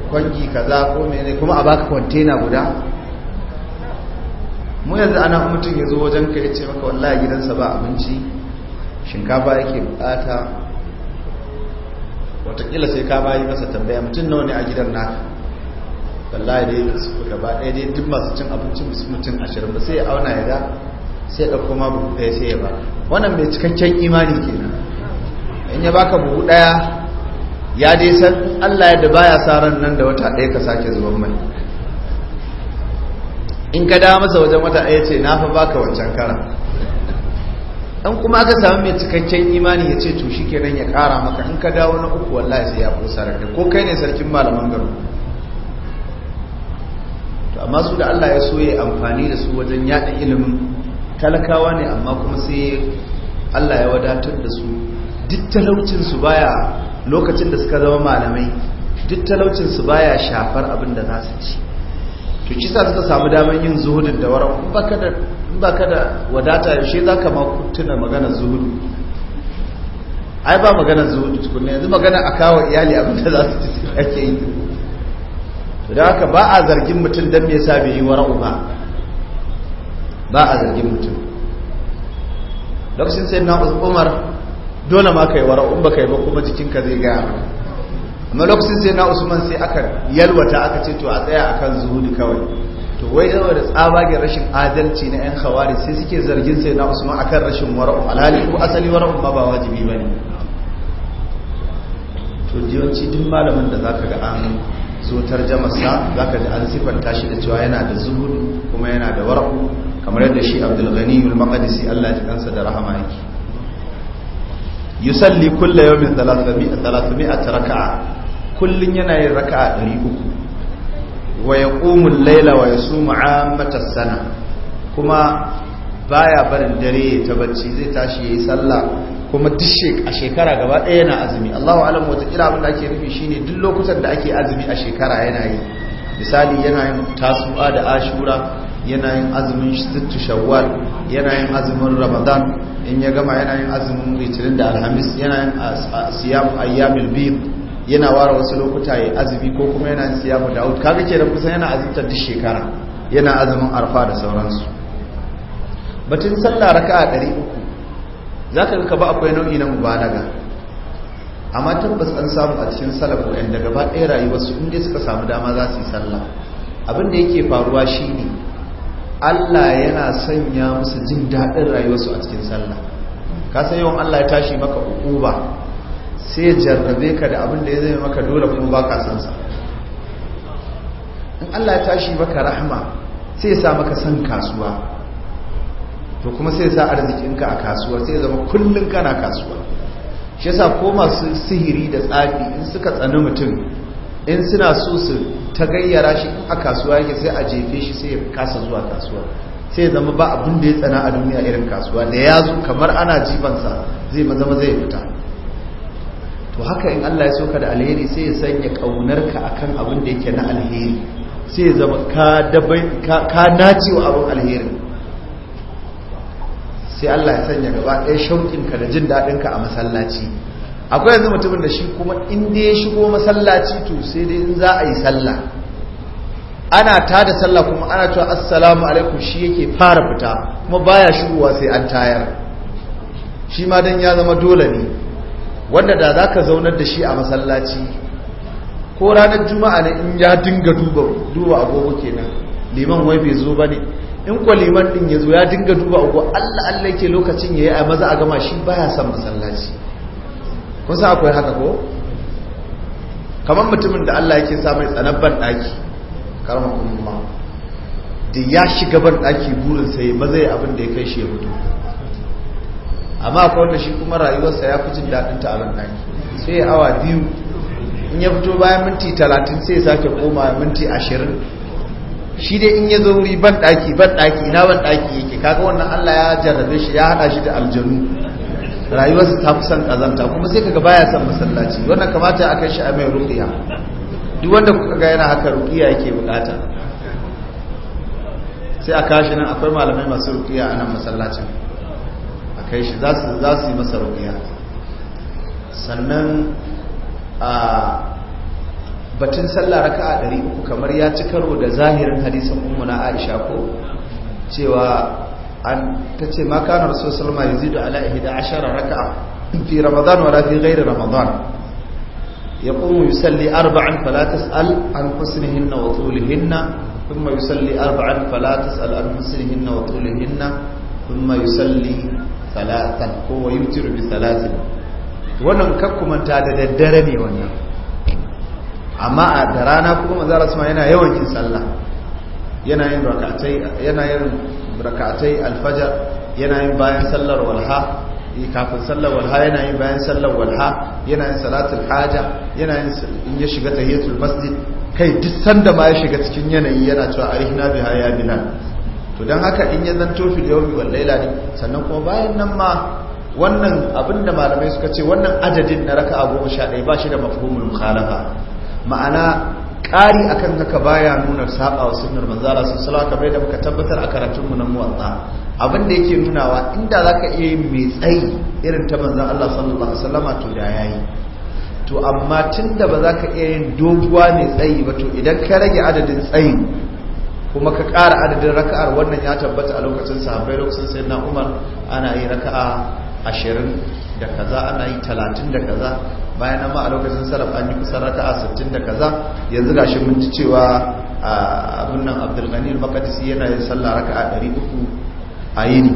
kwangi kaza ko mene kuma a baka kwantena guda mu yanzu ana mutum ya zo wajen ka ya ce maka wallahi gidansa ba abinci shinkafa yake bukata watakila sai ka bayi masa tambaya mutum nawa ne a gidan naka wallahi dai su gaba ɗaya dai duk masu cin abinci musu mutum ashirin ba sai ya auna ya ga sai ya ɗauko ma buhu ɗaya sai ya ba wannan mai cikakken imani kenan in ya baka buhu ɗaya ya dai san Allah yadda baya sa ran nan da wata ɗaya ka sake zuban mai in ka dawo masa wajen wata ɗaya ce na fa baka wancan kara dan kuma aka samu mai cikakken imani ya ce to nan ya kara maka in ka dawo na uku wallahi sai ya kusa da ko kai ne sarkin malaman garo to amma su da Allah ya so amfani da su wajen yada ilimin talakawa ne amma kuma sai Allah ya wadatar da su duk talaucin su baya lokacin da suka zama malamai duk talaucin su baya shafar abin da za su ci to shi sa suka samu damar yin zuhudin da wara in ba ka da wadata yaushe za ka tuna magana zuhudu ai ba magana zuhudu tukunna yanzu magana a kawo iyali abinda za su ci ake yi to da haka ba a zargin mutum don me yasa bai yi wara'u ba ba a zargin mutum lokacin sai na umar dole ma ka yi wara'u ba ka yi ba kuma jikinka zai gaya amma sai na usman sai aka yalwata aka ce to a tsaya akan zuhudu kawai to wai yawa da tsabagen rashin adalci na yan hawari sai suke zargin sai na usman akan rashin wara'u alhali ko asali wara'u ma ba wajibi ba ne to yawanci duk malamin da zaka ga an zo tarjamarsa zaka ji an sifanta shi da cewa yana da zuhudu kuma yana da wara'u kamar yadda shi abdul ghani al maqdisi Allah ya kansa da rahama yake yusalli kulla yawmin 300 300 raka'a kullun yana yin a 300 wa ya ƙumun laila wa su 'ammata sana kuma baya barin dare ta bacci zai tashi ya yi sallah kuma duk a shekara gaba ɗaya yana azumi Allahu alam wata kira abin da ake shi ne duk lokutan da ake azumi a shekara yana yi misali yana yin tasu'a da ashura yana yin azumin shittu shawwal yana yin azumin ramadan in ya gama yana yin azumin litinin da alhamis yana yin siyam ayyamil biyu yana ware wasu lokuta ya azumi ko kuma yana mu da'ud kaga ke da kusan yana azumtar duk shekara yana azumin arfa da sauransu batun sallah raka'a 300 ka ga ba akwai nau'i na mubalaga amma tabbas an samu a cikin salafu ɗan da gaba ɗaya rayuwarsu su inda suka samu dama za su yi sallah abin da yake faruwa shine Allah yana sanya musu jin daɗin rayuwarsu a cikin sallah ka san yawan Allah ya tashi maka ba. sai ya jarrabe ka da abin da ya zai maka dole kuma ba ka sa in Allah ya tashi baka rahama sai ya sa maka san kasuwa to kuma sai ya sa arzikinka a kasuwa sai ya zama kullum kana kasuwa shi yasa ko masu sihiri da tsafi in suka tsani mutum in suna so su ta gayyara shi a kasuwa yake sai a jefe shi sai ya kasa zuwa kasuwa sai ya zama ba abin da ya tsana a duniya irin kasuwa da ya zo kamar ana jibansa zai zama zai fita to haka in Allah ya so ka da alheri sai ya sanya kaunarka akan abin da yake na alheri sai ya zama ka dabai ka nace wa abin alheri sai Allah ya sanya gaba ɗaya shauƙin ka da jin daɗin ka a masallaci akwai yanzu mutumin da shi kuma in dai ya shigo masallaci to sai dai in za a yi sallah ana tada sallah kuma ana cewa assalamu alaikum shi yake fara fita kuma baya shigowa sai an tayar shi ma dan ya zama dole ne wanda da za ka zaunar da shi a masallaci ko ranar juma'a ne in ya dinga duba duba agogo kenan liman wai bai zo ba ne in kwa liman din ya zo ya dinga duba agogo allah allah ke lokacin ya yi a maza a gama shi baya son masallaci kun sa akwai haka ko kamar mutumin da allah yake sa mai tsanar ɗaki karamar kuma da ya shiga ban ɗaki burinsa ya maza ya abin da ya kai shi ya mutu amma akwai wanda shi kuma rayuwarsa ya fi jin daɗin ta a nan ɗaki sai awa biyu in ya fito bayan minti talatin sai sake koma minti ashirin shi dai in ya zo wuri ban ɗaki ban ɗaki ina ban ɗaki yake kaga wannan allah ya jarrabe shi ya haɗa shi da aljanu rayuwarsa ta fi son ƙazanta kuma sai kaga baya son masallaci wannan kamata a kai shi a mai rukiya duk wanda kuka ga yana haka rukiya yake bukata sai a kashi nan akwai malamai masu ruƙiya a nan masallacin kai shi za su za su yi masa rukiya sannan a batun sallah raka'a uku kamar ya ci karo da zahirin hadisin ummu Aisha ko cewa an tace ma kana rasul sallallahu alaihi wasallam yazidu ala 11 raka'a fi ramadan wala fi ghairi ramadan يقوم يصلي أربعا فلا تسأل عن حسنهن وطولهن ثم يصلي أربعا فلا تسأل عن حسنهن وطولهن ثم يصلي Salatan ko wa yutiru bi salatin wannan kakkumanta da daddare ne wannan amma a da rana kuma manzara suma yana yawan yin sallah yana yin rakatai yana yin rakatai alfajar yana yin bayan sallar walha eh, kafin sallar walha yana yin bayan sallar walha yana yin salatul haja yana yin in ya shiga tahiyatul masjid kai duk sanda ma ya shiga cikin yanayi yana cewa arihna biha ya bilal to don haka in ya zanto fil da wal laila ne sannan kuma bayan nan ma wannan abin malamai suka ce wannan adadin na raka goma sha ɗaya ba shi da mafhumul mukhalafa ma'ana ƙari akan haka baya nuna saba wa sunnar sun Allah ka bai da muka tabbatar a karatun mu na muwatta abin da yake nunawa inda za ka iya yin mai tsayi irin ta banza Allah sallallahu alaihi to da ya yi. to amma tun da ba za ka iya yin doguwa mai tsayi ba to idan ka rage adadin tsayin kuma ka ƙara adadin raka'ar wannan ya tabbata a lokacin sahabbai lokacin sai na umar ana yi raka'a ashirin da kaza ana yi talatin da kaza bayan amma a lokacin salaf an yi kusan raka'a sittin da kaza yanzu ga shi mun ci cewa abin nan Abdulgani al yana yin sallah raka'a ɗari uku a yini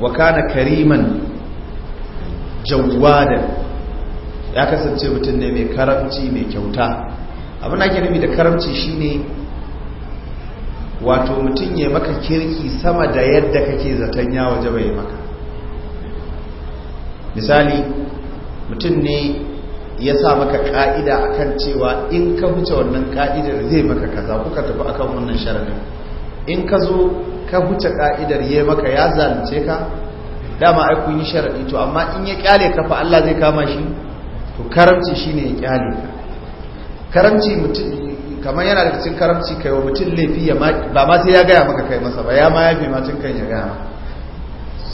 wa kana kariman jawwadan ya kasance mutum ne mai karamci mai kyauta abin da ke nufi da karamci shine wato mutum ya maka kirki sama da yadda kake zaton ya waje bai maka misali mutum ne ya sa maka ka'ida akan cewa in ka huce wannan ka'idar zai maka kaza kuka tafi akan wannan sharadin in ka zo ka huce ka'idar ya maka ya zalunce ka dama aikun yi sharadi to amma in ya kyale kafa Allah zai kama shi to karamci shine ya kyale ka karamci mutum kamar yana da cikin karamci kai wa mutum laifi ya ba ma sai ya gaya maka kai masa ba ya ma ya fi macin kan ya gaya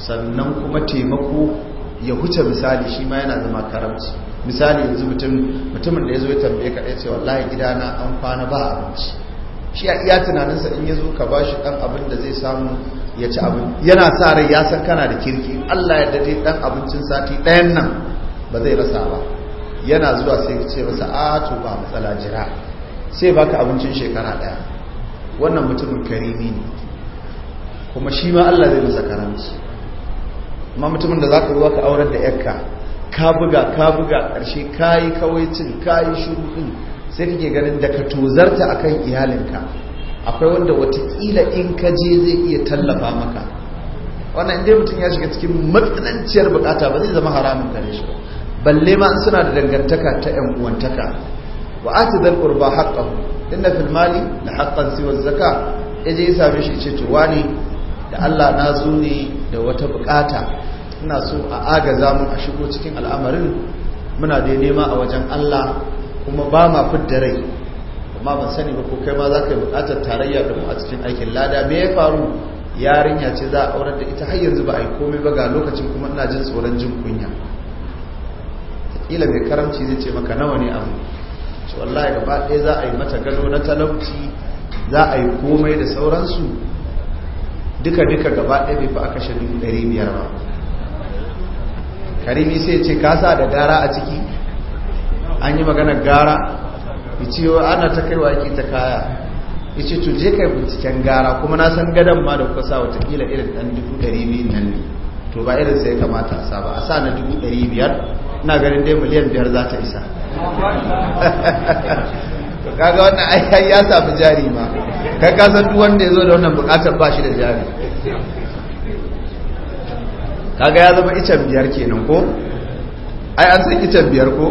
sannan kuma taimako ya huce misali shi ma yana zama karamci misali yanzu mutumin da ya zo ya tambaye ka ɗaya ce wallahi gidana an kwana ba abinci shi a iya tunaninsa in ya zo ka ba shi ɗan abin da zai samu ya ci abin yana sa rai ya san kana da kirki allah ya dade ɗan abincin sati ɗayan nan ba zai rasa ba yana zuwa sai ce masa a to ba matsala jira sai baka abincin shekara daya wannan mutumin karimi ne kuma shi ma Allah zai masa karanci amma mutumin da zaka ruwa ka aurar da yakka ka buga ka buga karshe kayi cin, kayi shiru din sai kake ganin da ka tozarta akan iyalinka akwai wanda watakila in ka je zai iya tallafa maka wannan inda mutum ya shiga cikin matsananciyar bukata ba zai zama haramun gare shi ba balle ma suna da dangantaka ta yan uwantaka wa ati dal qurba haqqahu inna fil mali la haqqan siwa zakka yaje ya same shi ce to wani da Allah na zo ne da wata bukata ina so a agaza mun a shigo cikin al'amarin muna da nema a wajen Allah kuma ba ma da rai amma ban sani ba ko kai ma zaka yi bukatar tarayya da mu a cikin aikin lada me ya faru yarinya ce za a aurar da ita har yanzu ba a yi komai ba ga lokacin kuma ina jin tsoron jin kunya kila mai karamci zai ce maka nawa ne abu shi wallahi gaba ɗaya za a yi mata gado na talauci za a yi komai da sauransu duka-duka gaba ɗaya bai fi aka shi dubu ba karimi sai ce kasa da gara a ciki an yi maganar gara ya ce ana ta kai waƙi ta kaya ya ce tuje kai binciken gara kuma na san gadon ma da kuka watakila irin ɗan dubu ɗari biyu nan ne to ba irin sai kamata a sa ba a sa na dubu ɗari biyar na ganin dai miliyan biyar za ta isa to kaga wannan ai ya samu jari ma kai ka san duk wanda ya zo da wannan bukatar ba shi da jari kaga ya zama icen biyar kenan ko ai an san icen biyar ko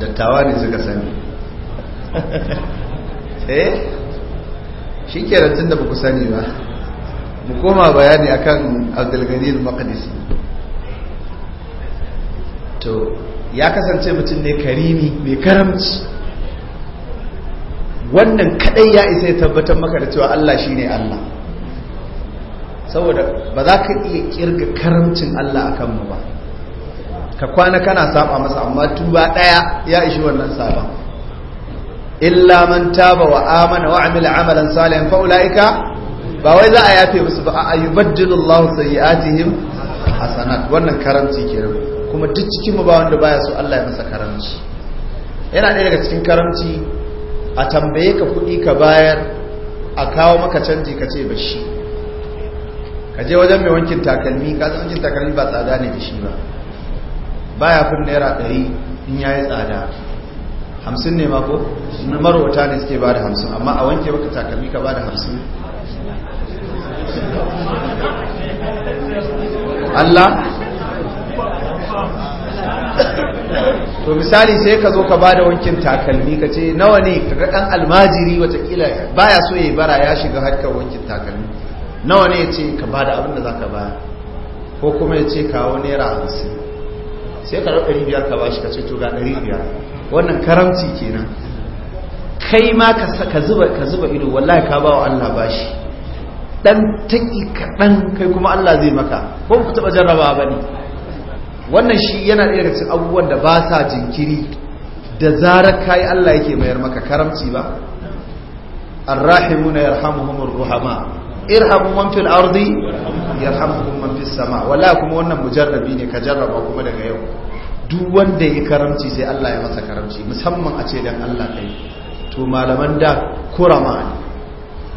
dattawa ne suka sani eh shi ke tun da ba ku sani ba mu koma bayani akan abdulganil maqdisi to ya kasance mutum ne karimi mai karamci wannan kadai ya isa ya tabbatar maka da cewa Allah shi ne Allah saboda ba za ka iya kirga karamcin Allah akan mu ba ka kwana kana saba masa amma tuba daya ya ishi wannan saba illa man taba wa amana wa amila amalan salihan fa ulaika ba wai za a yafe musu ba a yubaddilu Allahu sayyi'atihim hasanat wannan karanci kenan kuma duk cikin ba wanda baya so Allah ya masa karanci yana ɗaya daga cikin karanci a tambaye ka kuɗi ka bayar a kawo maka canji ka ce bashi ka je wajen mai wankin takalmi ka san wankin takalmi ba tsada ne da shi ba baya kun naira ɗari in ya yi tsada hamsin ne mako ko marwata ne suke ba da hamsin amma a wanke maka takalmi ka ba da hamsin Allah to misali sai ka zo ka ba da wankin takalmi ka ce nawa ne kaga ɗan almajiri watakila baya so ya bara ya shiga harkar wankin takalmi nawa ne ya ce ka ba da abin da za ka baya ko kuma ya ce kawo naira hamsin sai ka ɗari biyar ka ba shi ka ce to ga ɗari biyar wannan karamci kenan kai ma ka zuba ido wallahi ka ba wa Allah bashi dan taki kaɗan kai kuma Allah zai maka ko ku taɓa jarraba ba ne wannan shi yana ɗaya daga cikin abubuwan da ba sa jinkiri da zarar kayi Allah yake mayar maka karamci ba arrahimuna yarhamuhumur ruhama irhamu man fil ardi yarhamuhum man fis sama Wala kuma wannan mujarrabi ne ka jarraba kuma daga yau duk wanda ya karamci sai Allah ya masa karamci musamman a ce dan Allah kai to malaman da kurama ne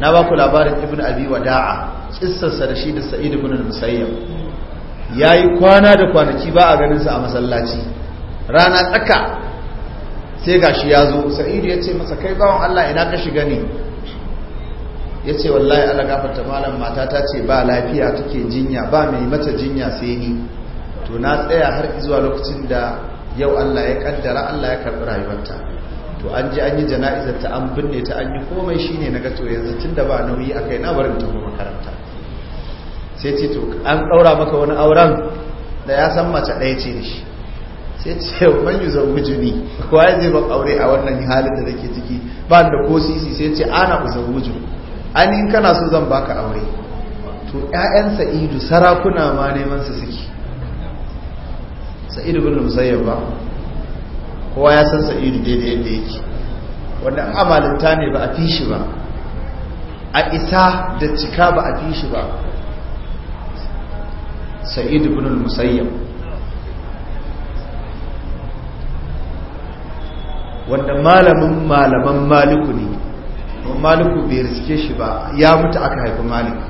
na ba ku labarin ibn abi wada'a kissarsa da shi da sa'id ibn al-musayyab yayi kwana da kwanaki ba a ganin sa a masallaci rana tsaka sai gashi ya zo sa'id ya ce masa kai bawon Allah ina ka shiga ne ya ce wallahi Allah gafarta malam mata ta ce ba lafiya take jinya ba mai mata jinya sai ni to na tsaya har zuwa lokacin da yau Allah ya kaddara Allah ya karɓi rayuwarta to an ji an yi jana'izar ta an binne ta an yi komai shine na gato yanzu tun da ba nauyi a kai na barin tafi makaranta sai ce to an ɗaura maka wani auren da ya san mace ɗaya ce da shi sai ce man yi zawuju ni kowa zai ban aure a wannan halin da nake ciki ba da ko sisi sai ce ana ku an in kana so zan baka aure to ƴaƴan sa'idu sarakuna ma neman su suke sa'idu bin musayyab ba kowa ya san sa'idu daidai yadda yake wanda an amalinta ne ba a fi shi ba a isa da cika ba a fi shi ba sa'idu bin musayyab wanda malamin malaman maliku ne maliku bai riske shi ba ya mutu aka haifi maliku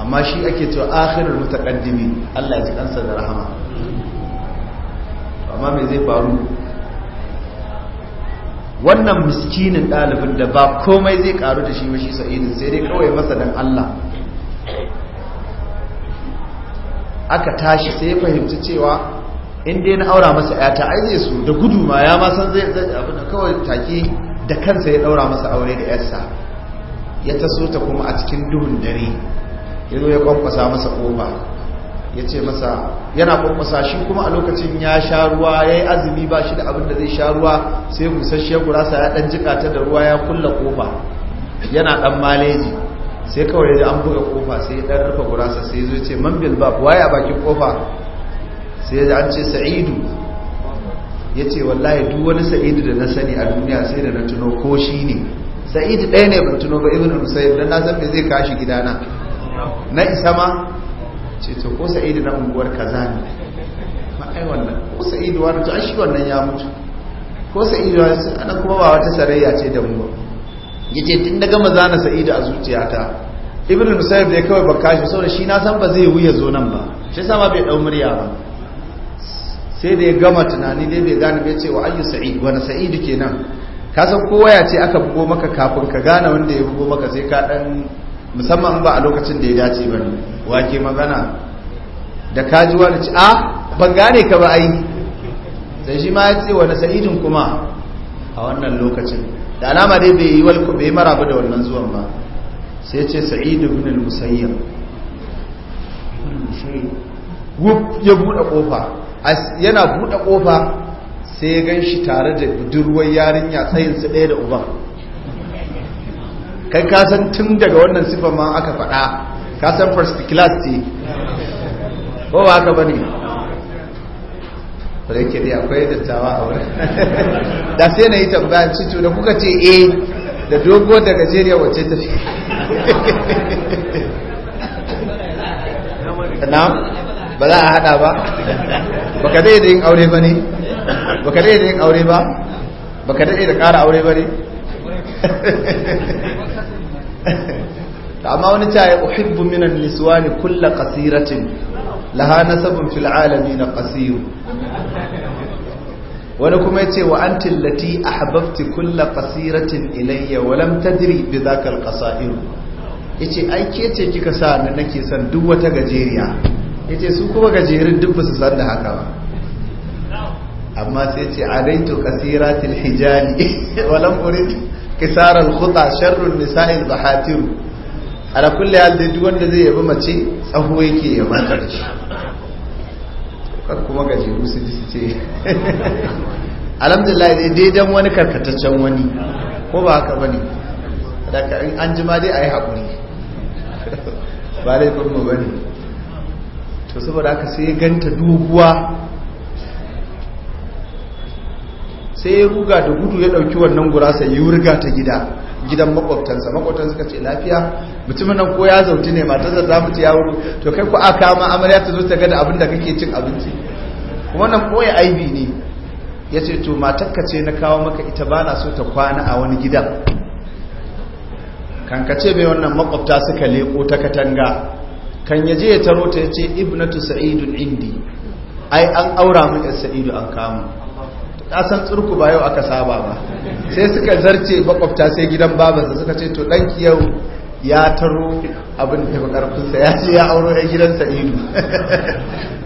amma shi ake cewa akhirar mutaqaddimi Allah ya ji kansa da rahama amma mai zai faru wannan miskinin ɗalibin da ba komai zai karu da shi mashi sa'idin sai dai kawai masa dan Allah aka tashi sai fahimci cewa in dai na aura masa 'ya ta zai su da gudu ma ya ma zai abu da kawai take da kansa ya daura masa aure da yarsa ya taso ta kuma a cikin duhun dare ya zo ya kwankwasa masa ƙofa ya ce masa yana kwakwasa shi kuma a lokacin ya sha ruwa ya yi azumi ba shi da abin da zai sha ruwa sai ya gurasa ya ɗan ta da ruwa ya kulla kofa yana ɗan maleji sai kawai da an buga kofa sai ya dan rufe gurasa sai zai ce man bilba waye bakin kofa sai da an ce sa'idu ya ce wallahi duk wani sa'idu da na sani a duniya sai da na tuno ko shi ne sa'idu ɗaya ne ban tuno ba ibn musayyib dan na san me zai kashi gidana na isa ma ce to ko sa'idu na unguwar kaza ne ai wannan ko sa'idu wani to shi wannan ya mutu ko sa'idu wani ana kuma ba wata sarayya ce da mu ya ce tun daga maza na sa'idu a zuciyata ibn musayyib da kawai baka shi saboda shi na san ba zai wuya zo nan ba shi ma bai dau murya ba sai da ya gama tunani dai bai gane bai ce wa ayyu sa'id wani sa'idu kenan ka san kowa ya ce aka bugo maka kafin ka gane wanda ya bugo maka sai ka dan musamman ba a lokacin da ya dace ba ne wake magana da kaji wani ci a ban gane ka ba ai sai shi ma ya ce wani sa'idin kuma a wannan lokacin da alama dai bai yi walko bai maraba da wannan zuwan ba sai ce sa'idu bin Musayyar. ya buɗe ƙofa yana buɗe ƙofa sai ya gan shi tare da budurwar yarinya tsayinsu ɗaya da uban kai kasan tun daga wannan sifa ma aka faɗa kasan first class ce ko ba ka bane da yake dai akwai dattawa a wurin da sai na yi tambaya cikin da kuka ce eh da dogo da gajeriya wacce ta fi na ba za a hada ba ka dai da yin aure ba ne Ba ka dai da yin aure ba Ba ka dai da ƙara aure ba ne amma wani ta yi uhibbu minan niswani kulla qasiratin laha nasabun fil alamin qasir wani kuma yace wa anti allati ahbabti kulla qasiratin ilayya wa lam tadri bi zakal al qasair yace ai ke ce kika sa ni nake san duk wata gajeriya yace su kuma gajerin duk ba su san da haka ba amma sai yace alaitu qasiratil hijali wa lam urid kisarar khuta sharrun nisa'il bahatir ala kulli hal dai wanda zai yabi mace tsaho yake ya mata shi kar kuma gaje musu ji su ce alhamdulillah dai daidan wani karkataccen wani ko ba haka bane daga in an jima dai ayi hakuri ba laifin mu bane to saboda haka sai ganta doguwa sai ya ruga da gudu ya ɗauki wannan gurasa ya yi wurga ta gida gidan makwabtansa makwabtansa suka ce lafiya mutumin nan ko ya zauti ne matar za mu ci yawo to kai ko a kama amarya ta zo ta gada abin da kake cin abinci Kuma ko ya aibi ne ya ce to ka ce na kawo maka ita ba na so ta kwana a wani gidan Kan ka ce mai wannan makwabta suka leko ta katanga kan yaje ya taro ta ya ce ibnatu sa'idun indi ai an aura min sa'idu an kama san tsurku ba yau aka saba ba sai suka zarce makwabta sai gidan babansa suka ce to ɗanki yau ya taro abin da ya karfinsa ya ce ya auro ya gidan sa'idu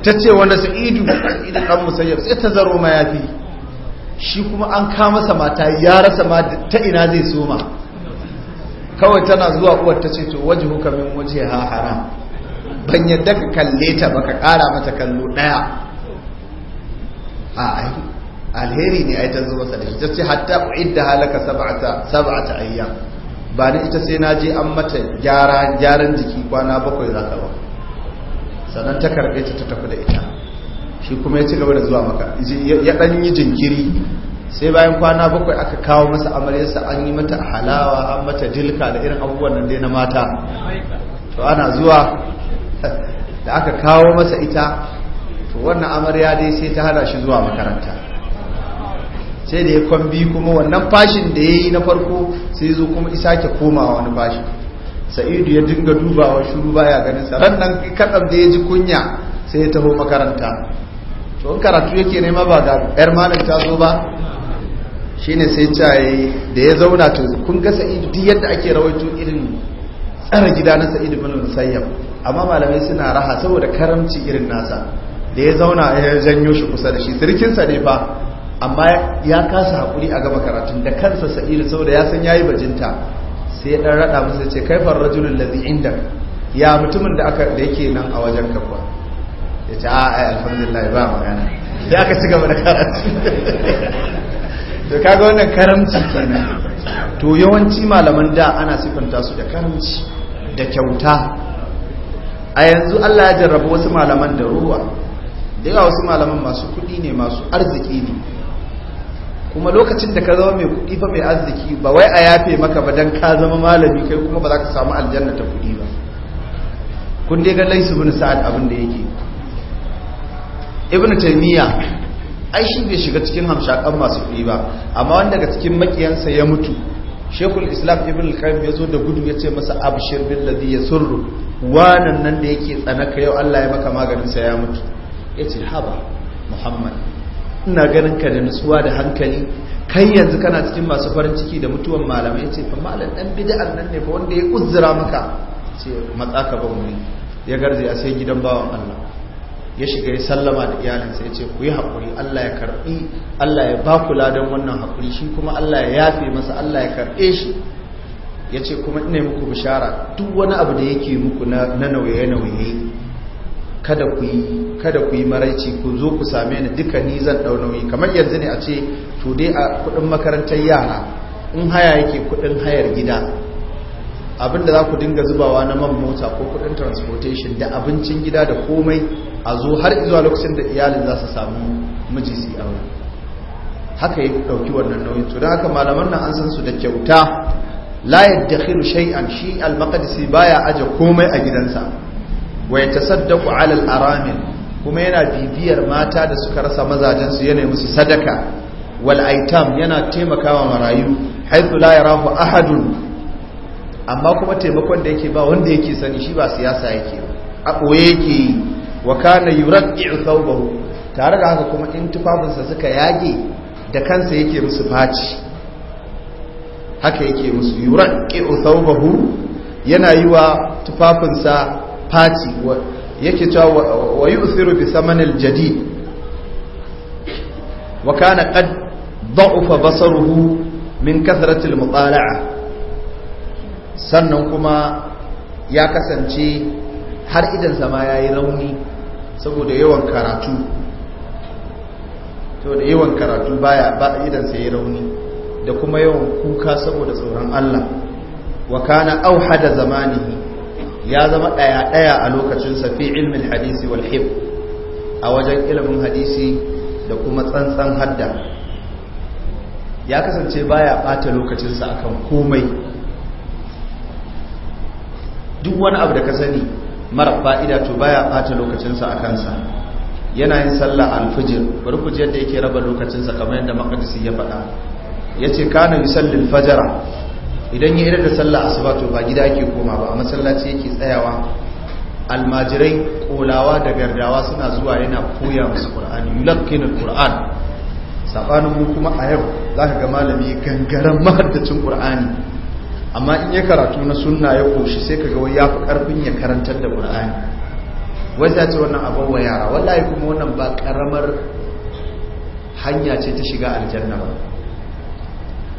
ta ce wanda sa'idu idan ɗan musayyar sai ta zaro mayafi shi kuma an kama sa mata ya rasa ma ta ina zai soma kawai tana zuwa uwar ta ce to waje hukamin waje ha haram ban yadda ka kalle ta ba ka ƙara mata kallo ɗaya a alheri ne yi ta zo masa da shi tace hatta uidda halaka sab'ata sab'ata ayyam ba ni ita sai naje an mata gyara gyaran jiki kwana bakwai za ka ba sannan ta karbe ta ta tafi da ita shi kuma ya ci gaba da zuwa maka ya dan yi jinkiri sai bayan kwana bakwai aka kawo masa amaryarsa an yi mata halawa an mata dilka da irin abubuwan nan dai na mata to ana zuwa da aka kawo masa ita to wannan amarya dai sai ta hada shi zuwa makaranta sai da ya kwambi kuma wannan fashin da ya yi na farko sai zo kuma isa ke koma wani fashin sa'idu ya dinga dubawa shuru baya ganin sa ran nan kadan da ya ji kunya sai ya taho makaranta to in karatu yake nema ba ga yar malam ta zo ba ne sai caye da ya zauna to kun ga sa'idu duk yadda ake rawaito irin tsara gida na sa'idu bin musayyab amma malamai suna raha saboda karamci irin nasa da ya zauna ya janyo shi kusa da shi sirkinsa ne fa amma ya kasa hakuri a gaba karatun da kansa sa'ilu saboda ya san yayi bajinta sai dan rada musu ce kaifar rajulul ladhi inda ya mutumin da aka da yake nan a wajen kafa ya ce a ai alhamdulillah ba magana sai aka ci gaba da karatu to kaga wannan karamci kenan to yawanci malaman da ana sifanta su da karamci da kyauta a yanzu Allah ya jarraba wasu malaman da ruwa da yawa wasu malaman masu kuɗi ne masu arziki ne kuma lokacin da ka zama mai kuɗi fa mai arziki ba wai a yafe maka ba dan ka zama malami kai kuma ba za ka samu aljanna ta kuɗi ba kun dai ga laisu bin sa'ad abin da yake ibnu taymiya ai shi bai shiga cikin hamshakan masu kuɗi ba amma wanda daga cikin makiyansa ya mutu shekul islam ibn al-qayyim ya zo da gudu ya ce masa abshir bil ladhi yasurru wanan nan da yake tsanaka yau Allah ya maka maganin sa ya mutu yace haba muhammad ina ganin ka da nutsuwa da hankali kai yanzu kana cikin masu farin ciki da mutuwan malamai ce fa malam dan bid'ar nan ne fa wanda ya uzura maka ce matsa ka ba mu ya garje a sai gidan bawan Allah ya shiga ya sallama da iyalinsa ya ce ku yi haƙuri Allah ya karɓi Allah ya ba ku ladan wannan haƙuri shi kuma Allah ya yafe masa Allah ya karɓe shi ya ce kuma ina yi muku bishara duk wani abu da yake muku na nauye-nauye kada ku yi kada ku yi maraici ku zo ku same ni duka ni zan dau nauyi kamar yanzu ne a ce to dai a kudin makarantar yara in haya yake kudin hayar gida abinda za ku dinga zubawa na man mota ko kudin transportation da abincin gida da komai a zo har zuwa lokacin da iyalin za su samu miji su aure haka ya dauki wannan nauyin to don haka malaman nan an san su da kyauta la yadda shay'an shi al-maqdisi baya aje komai a gidansa wa ta ala alal aramin kuma yana bibiyar mata da suka rasa mazajensu yana musu sadaka wal aitam yana taimakawa marayu haythu la yarahu ahadun amma kuma taimakon da yake ba wanda yake sani shi ba siyasa yake a boye yake wa kana yurqi'u thawbahu tare da haka kuma in tufafinsa suka yage da kansa yake musu faci haka yake musu yurqi'u thawbahu yana yi wa tufafinsa fati yake cewa wa yu'thiru bi samanil jadid wa kana qad da'ufa basaruhu min al mutala'a sannan kuma ya kasance har idan zama yayi rauni saboda yawan karatu saboda yawan karatu baya ba idan sai rauni da kuma yawan kuka saboda tsoron Allah wa kana auhada zamanihi ya zama ɗaya ɗaya a lokacinsa fi ilmin hadisi wal hib a wajen ilimin hadisi da kuma tsantsan hadda ya kasance baya ɓata lokacinsa akan komai duk wani abu da ka sani mara fa'ida to baya ɓata lokacinsa a kansa yana yin sallah alfijir bari ku yadda yake raba lokacinsa kamar yadda makadisi ya faɗa ya ce kanin sallin fajara idan ya da sallah asuba to ba gida ake koma ba a masallaci yake tsayawa almajirai kolawa da gardawa suna zuwa yana koya musu qur'ani yulaqqinu alquran sabanin mu kuma a yau zaka ga malami gangaren mahaddacin qur'ani amma in ya karatu na sunna ya koshi sai kaga wai fi karfin ya karantar da qur'ani wai sai ce wannan abin wa yara wallahi kuma wannan ba karamar hanya ce ta shiga aljanna ba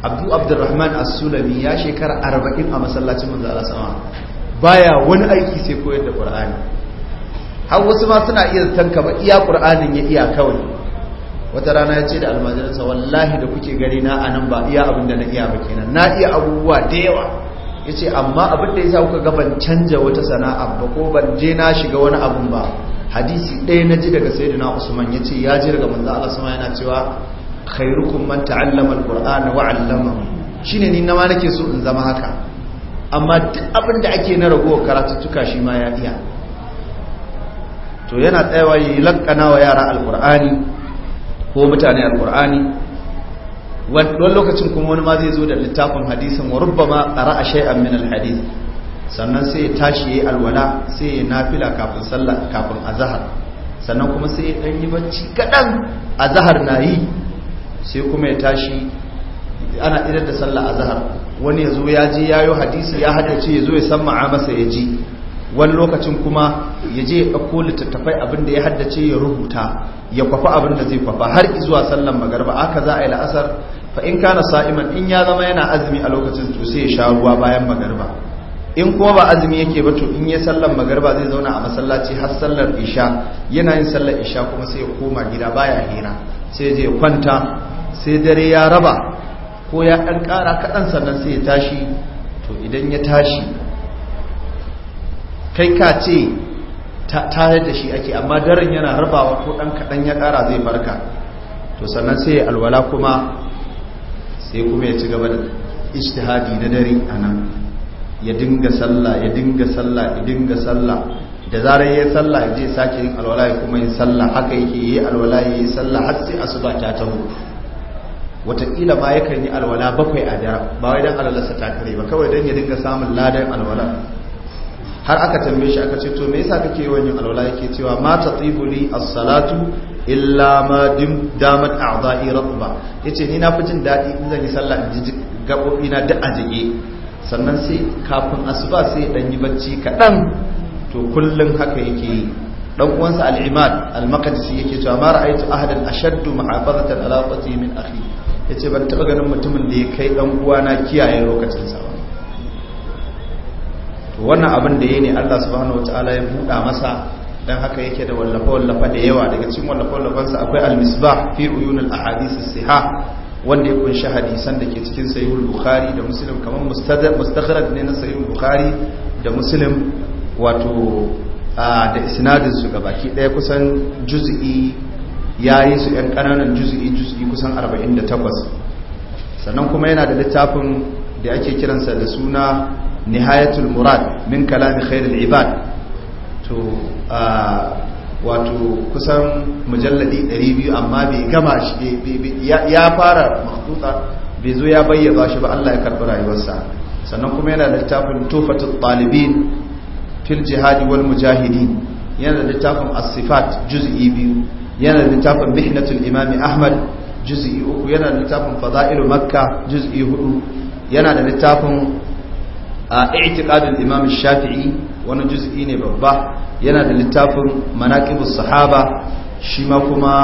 abdu abdurrahman as ya shekara arba'in a masallacin manzo Allah sama baya wani aiki sai koyar da qur'ani har wasu ma suna iya tanka ba iya qur'anin ya iya kawai wata rana ya ce da almajirinsa wallahi da kuke gani na anan ba iya abin da na iya ba kenan na iya abubuwa da yawa yace amma abin da yasa kuka ga ban canja wata sana'a ba ko ban je na shiga wani abun ba hadisi ɗaya na ji daga sayyidina usman yace ya ji daga manzo Allah sama yana cewa khairukum man ta'allama al-qur'ana wa 'allamahu shine ni na ma nake so in zama haka amma duk abin da ake na ragowar tuka shi ma ya iya to yana tsayawa yi lakkana wa yara al-qur'ani ko mutane al-qur'ani wannan lokacin kuma wani ma zai zo da littafin hadisin wa rubbama qara'a shay'an min al-hadith sannan sai ya tashi yayi alwala sai ya nafila kafin sallah kafin azhar sannan kuma sai ya dan yi bacci kadan azhar nayi sai kuma ya tashi ana idar da sallah zahar wani ya zo ya ji yayo hadisi ya haddace yazo ya san ma'amasa ya ji wani lokacin kuma ya je ya ɗauko littattafai abinda ya haddace ya rubuta ya kwafa abinda zai kwafa har zuwa sallan magarba aka za a yi la'asar fa in kana sa'iman in ya zama yana azumi a lokacin to sai ya sha ruwa bayan magarba in kuma ba azumi yake ba to in ya sallan magarba zai zauna a masallaci har sallar isha yana yin sallar isha kuma sai ya koma gida baya hira sai ya kwanta sai dare ya raba ko ya ɗan ƙara kaɗan sannan sai ya tashi to idan ya tashi kai ka ce tare da shi ake amma daren yana rabawa ko ɗan kaɗan ya ƙara zai barka to sannan sai ya alwala kuma sai kuma ya ci gaba da ishtihadi na dare a nan ya dinga sallah ya dinga sallah ya dinga sallah da zarar ya sallah ya je sake yin alwala ya kuma yin sallah haka yake yi alwala ya yi sallah har sai asuba ta taho Wataƙila ma yakan yi alwala bakwai a daren ba wai dan alwalarsa ta takare ba kawai dan ya dinga samun ladan alwala har aka tambaye shi aka ce to me yasa kake yawan yin alwala yake cewa ma tatibu a as-salatu illa ma dim damat a'dha'i ratba yace ni na fi jin dadi in zan yi sallah in ji gabobi na da ajiye sannan sai kafin asuba sai dan yi bacci kadan to kullun haka yake yi dan uwansa al-imad al-maqdisi yake cewa ma ra'aytu ahadan ashaddu muhafazatan ala qati min akhi ya ce ban taɓa ganin mutumin da ya kai ɗan na kiyaye lokacinsa ba wannan abin da ya ne allah subhanahu wata'ala ya buɗa masa don haka yake da wallafa-wallafa da yawa daga cikin wallafa-wallafansa akwai almisbah fi uyunul ahadisi siha wanda ya kunshi hadisan da ke cikin sahihul bukhari da muslim kamar mustakhraj ne na sahihul bukhari da muslim wato da isnadin su gabaki daya kusan juz'i yayi su yan kananan juz'i kusan 48 sannan kuma yana da littafin da ake kiransa da suna nihayatul murad min kalami khairul ibad to wato kusan mujalladi 200 amma bai gama shi ya fara makhtuta bai zo ya bayyana shi ba Allah ya karbi rayuwarsa sannan kuma yana da littafin tufatul talibin fil jihadi wal mujahidin yana da littafin as-sifat juz'i biyu yana da littafin mihnatul imami ahmad juz'i uku yana da littafin fada'ilu makka juz'i hudu yana da littafin a i'tiqadul imam shafi'i wani juz'i ne babba yana da littafin manaqibus sahaba shi ma kuma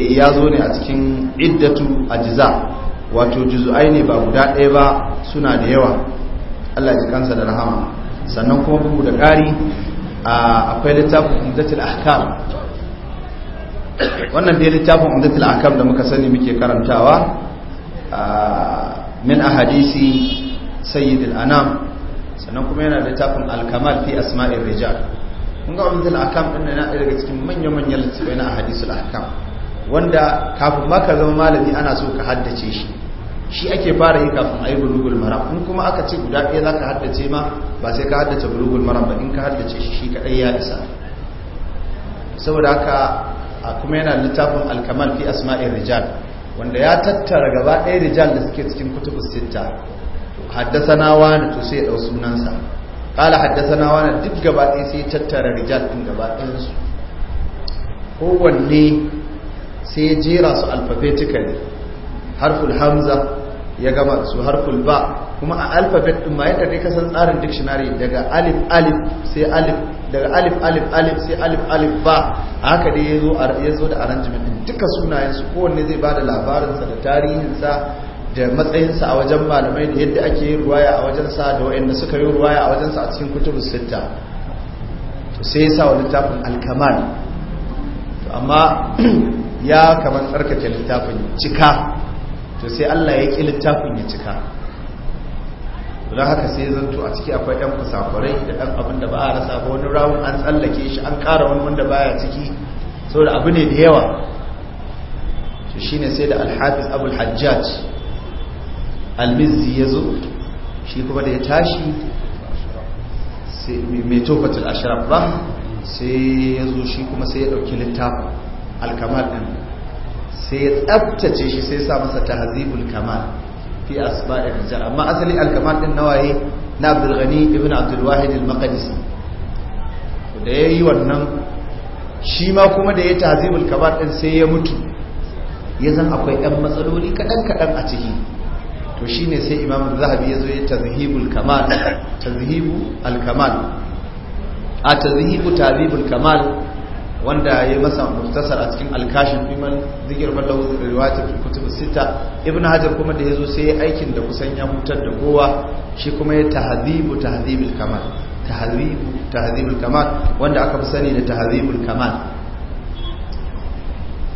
e, ya zo ne a cikin iddatu ajza wato juz'ai ne ba guda ɗaya ba suna da yawa Allah ya kansa da rahama sannan kuma bugu da ƙari akwai littafin idatul ahkam wannan dai littafin umdatul akam da muka sani muke karantawa min ahadisi sayyidul anam sannan kuma yana littafin al-kamal fi asma'ir rijal kun ga umdatul akam din yana daga cikin manya-manyan littafai na ahadisul akam wanda kafin ma ka zama malami ana so ka haddace shi shi ake fara yi kafin a yi bulugul maram in kuma aka ce guda ɗaya za ka haddace ma ba sai ka haddace bulugul maram ba in ka haddace shi shi kaɗai ya isa saboda haka a kuma yana littafin alkamal fi asma'ir rijal wanda ya tattara gaba ɗaya rijal da suke cikin kutubus haddasa haddasana wani to sai ya ɗau sunansa ƙala haddasana wani duk gaba ɗaya sai tattara rijal ɗin gaba kowanne sai ya jera su alfabetikali harful hamza ya gama su harful ba kuma a alfabet din ma yadda dai san tsarin dictionary daga alif alif sai alif daga alif alif alif sai alif alif ba haka dai yazo yazo da arrangement din duka sunayen su kowanne zai bada labarin sa da tarihin sa da matsayin sa a wajen malamai da yadda ake yin ruwaya a wajen sa da wayanda suka yi ruwaya a wajen sa a cikin kutubu sitta to sai ya sa wa littafin alkamal to amma ya kaman tsarkake littafin cika to sai Allah ya ƙi littafin ya cika don haka sai zanto a ciki akwai ɗan kusakurai da ɗan abin da ba a rasa ba wani rawun an tsallake shi an ƙara wani wanda baya ciki saboda abu ne da yawa to shine sai da alhafis abul hajjaj almizzi ya zo shi kuma da ya tashi mai tofatul ashraf ba sai ya zo shi kuma sai ya ɗauki littafin alkamar ɗin sai ya tsabtace shi sai sa masa tahzibul kamal fi asba'i rijal amma asali al-kamal din nawaye na Abdul Ghani ibn Abdul Wahid al-Maqdisi da yayi wannan shi ma kuma da ya tahzibul kamal din sai ya mutu ya zan akwai ɗan matsaloli kaɗan kaɗan a ciki to shine sai Imam Zahabi ya zo ya kamal tazhibu al-kamal a tazhibu tazibul kamal wanda ya masa muftasar a cikin alkashin fiman zikir ballahu riwayat fi kutub sita ibnu hajar kuma da yazo sai aikin da kusan ya mutar da kowa shi kuma ya tahzibu tahzibul kamal tahzibu tahzibul kamal wanda aka fi sani da tahzibul kamal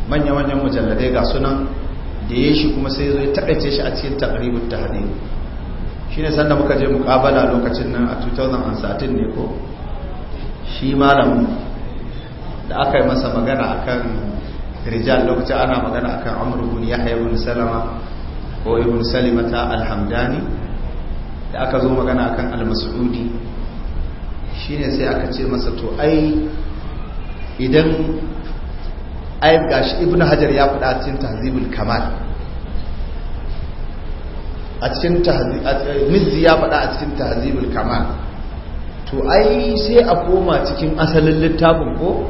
manya manyan mujalladai ga sunan da ya shi kuma sai yazo ya takaice shi a cikin taqribut shi shine sanda muka je muqabala lokacin nan a 2013 ne ko shi malamin da aka yi masa magana a kan rijal lokacin ana magana a amur ibn yahya ibn salama ko ibn salimata alhamdani da aka zo magana kan almasudi shi shine sai aka ce masa to ai idan ai gashi ibn hajar ya faɗa cikin tahzibul kamar a cikin mizzi ya fada a cikin tahzibul kamal to ai sai a koma cikin asalin littafin ko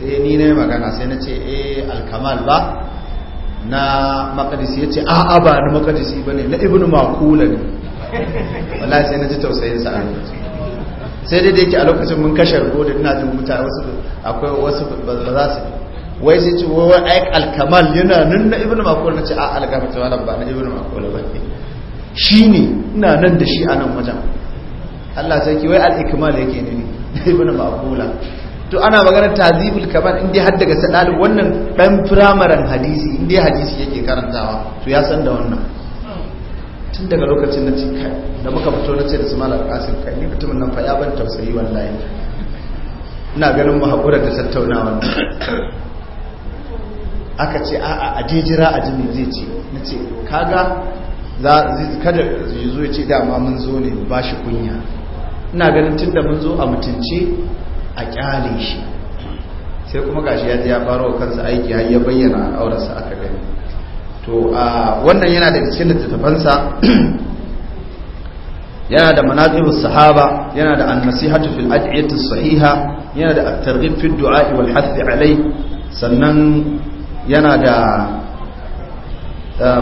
sai eh, ni na magana sai na ce eh alkamal ba na makadisi ya ce a'a ba na makadisi ba ne na ibn makula ne wala sai na ji tausayin sa a sai dai da yake a lokacin mun kashe rubo da ina jin mutane wasu akwai wasu ba za su wai sai ce wai ai alkamal yana nan na ibn makula na ce a'a alkamal ta ba na ibn makula ba ne shi ne ina nan da shi a nan wajen Allah sai ki wai al-ikmal yake ne ibn makula to ana magana tazibul kaban in dai har daga sadalib wannan dan firamaren hadisi in dai hadisi yake karantawa to ya san da wannan tun daga lokacin na cika da muka fito na ce da su malam kasim kai ni mutumin nan fa ya ban tausayi wallahi ina ganin mu hakura da tattaunawa aka ce a'a a je jira a jini zai ce na ce kaga za kada zo ya ce dama mun zo ne ba shi kunya ina ganin tun da mun zo a mutunci a kyale shi sai kuma gashi ya ya faro kansa aiki har ya bayyana aurarsa aka gani to a wannan yana da cikin littattafansa yana da manaqibus sahaba yana da an fil ad'iyati sahiha yana da at-targhib fi du'a wal hath alai sannan yana da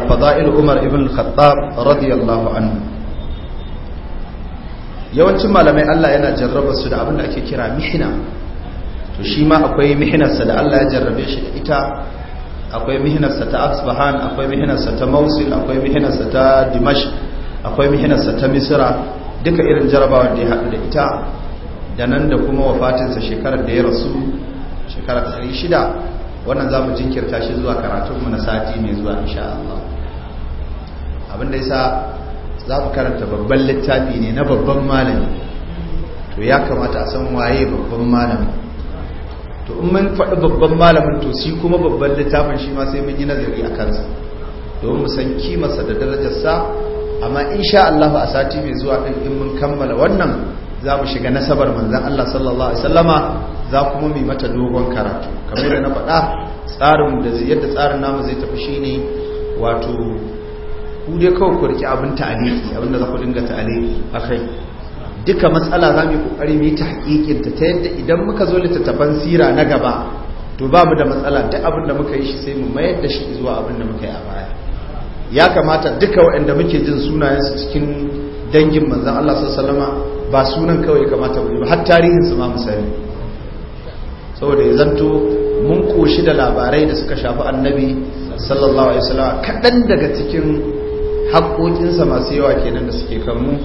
fada'il umar ibn khattab radiyallahu anhu yawancin malamai Allah yana jarraba su da abin da ake kira mihina to shi ma akwai mihinarsa da Allah ya jarrabe shi da ita akwai mihinarsa ta Asbahan akwai mihinarsa ta Mosul akwai mihinarsa ta Dimash akwai mihinarsa ta Misra duka irin jarabawar da ya haɗu da ita da nan da kuma wafatinsa shekarar da ya rasu shekarar 600 wannan za mu jinkirta shi zuwa karatunmu na sati mai zuwa insha Allah abin da yasa za mu karanta babban littafi ne na babban malami to ya kamata a san waye babban malamin to in mun faɗi babban malamin to shi kuma babban littafin shi ma sai mun yi nazari a kansa domin mu san kimarsa da darajarsa amma insha Allah a sati mai zuwa din in mun kammala wannan za mu shiga nasabar manzon Allah sallallahu alaihi wasallama za kuma mu mata dogon karatu kamar da na faɗa tsarin da yadda tsarin namu zai tafi shine wato ku dai kawai ku rike abin ta'aliki abin da za ku dinga ta'aliki akai duka matsala za mu yi kokari mu yi tahqiqin ta yadda idan muka zo littattafan sira na gaba to babu da matsala duk abin da muka yi shi sai mu mayar da shi zuwa abin da muka yi a baya ya kamata duka waɗanda muke jin sunayen su cikin dangin manzan Allah sallama ba sunan kawai kamata ba har tarihin su ma sani saboda ya zanto mun koshi da labarai da suka shafi annabi sallallahu alaihi wasallama kaɗan daga cikin haƙoƙinsa masu yawa kenan da suke kanmu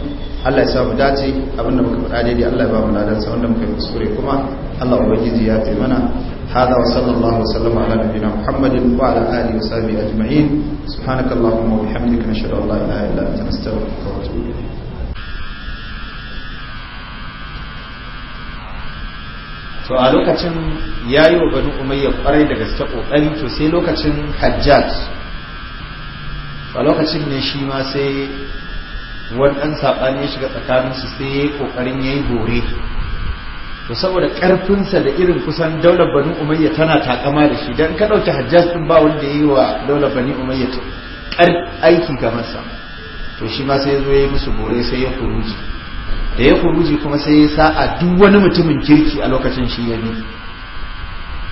Allah ya sa mu dace abinda muka faɗa daidai Allah ya ba mu ladan sa wanda muka yi kuskure kuma Allah ubangiji ya taimaka mana hada wa sallallahu wa sallama ala nabiyina Muhammadin wa ala alihi wa sahbihi ajma'in subhanakallahu wa bihamdika nashhadu an la ilaha illa anta nastaghfiruka wa atubu ilayk to a lokacin ya wa banu umayya kwarai da gaske kokari to sai lokacin hajjaj a lokacin ne shi ma sai wani ɗan saɓani ya shiga tsakanin su sai ya yi ƙoƙarin ya yi gore to saboda ƙarfinsa da irin kusan daular bani umayya tana takama da shi don ka ɗauki hajjas ɗin ba wanda ya yi wa daular bani umayya aiki ga masa to shi ma sai ya zo ya yi musu gore sai ya kuruji da ya kuruji kuma sai ya sa a duk wani mutumin kirki a lokacin shi ya bi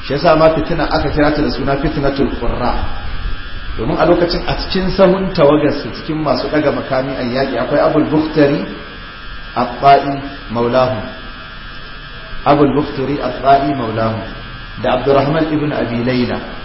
shi yasa ma fitina aka kira ta da suna fitinatul qurra domin a lokacin a cikin sahun tawagarsu cikin masu ɗaga makami a yaƙi akwai abul buktari a ɓa'i maulahu abul a ɓa'i maulahu da abdurrahman ibn abi laila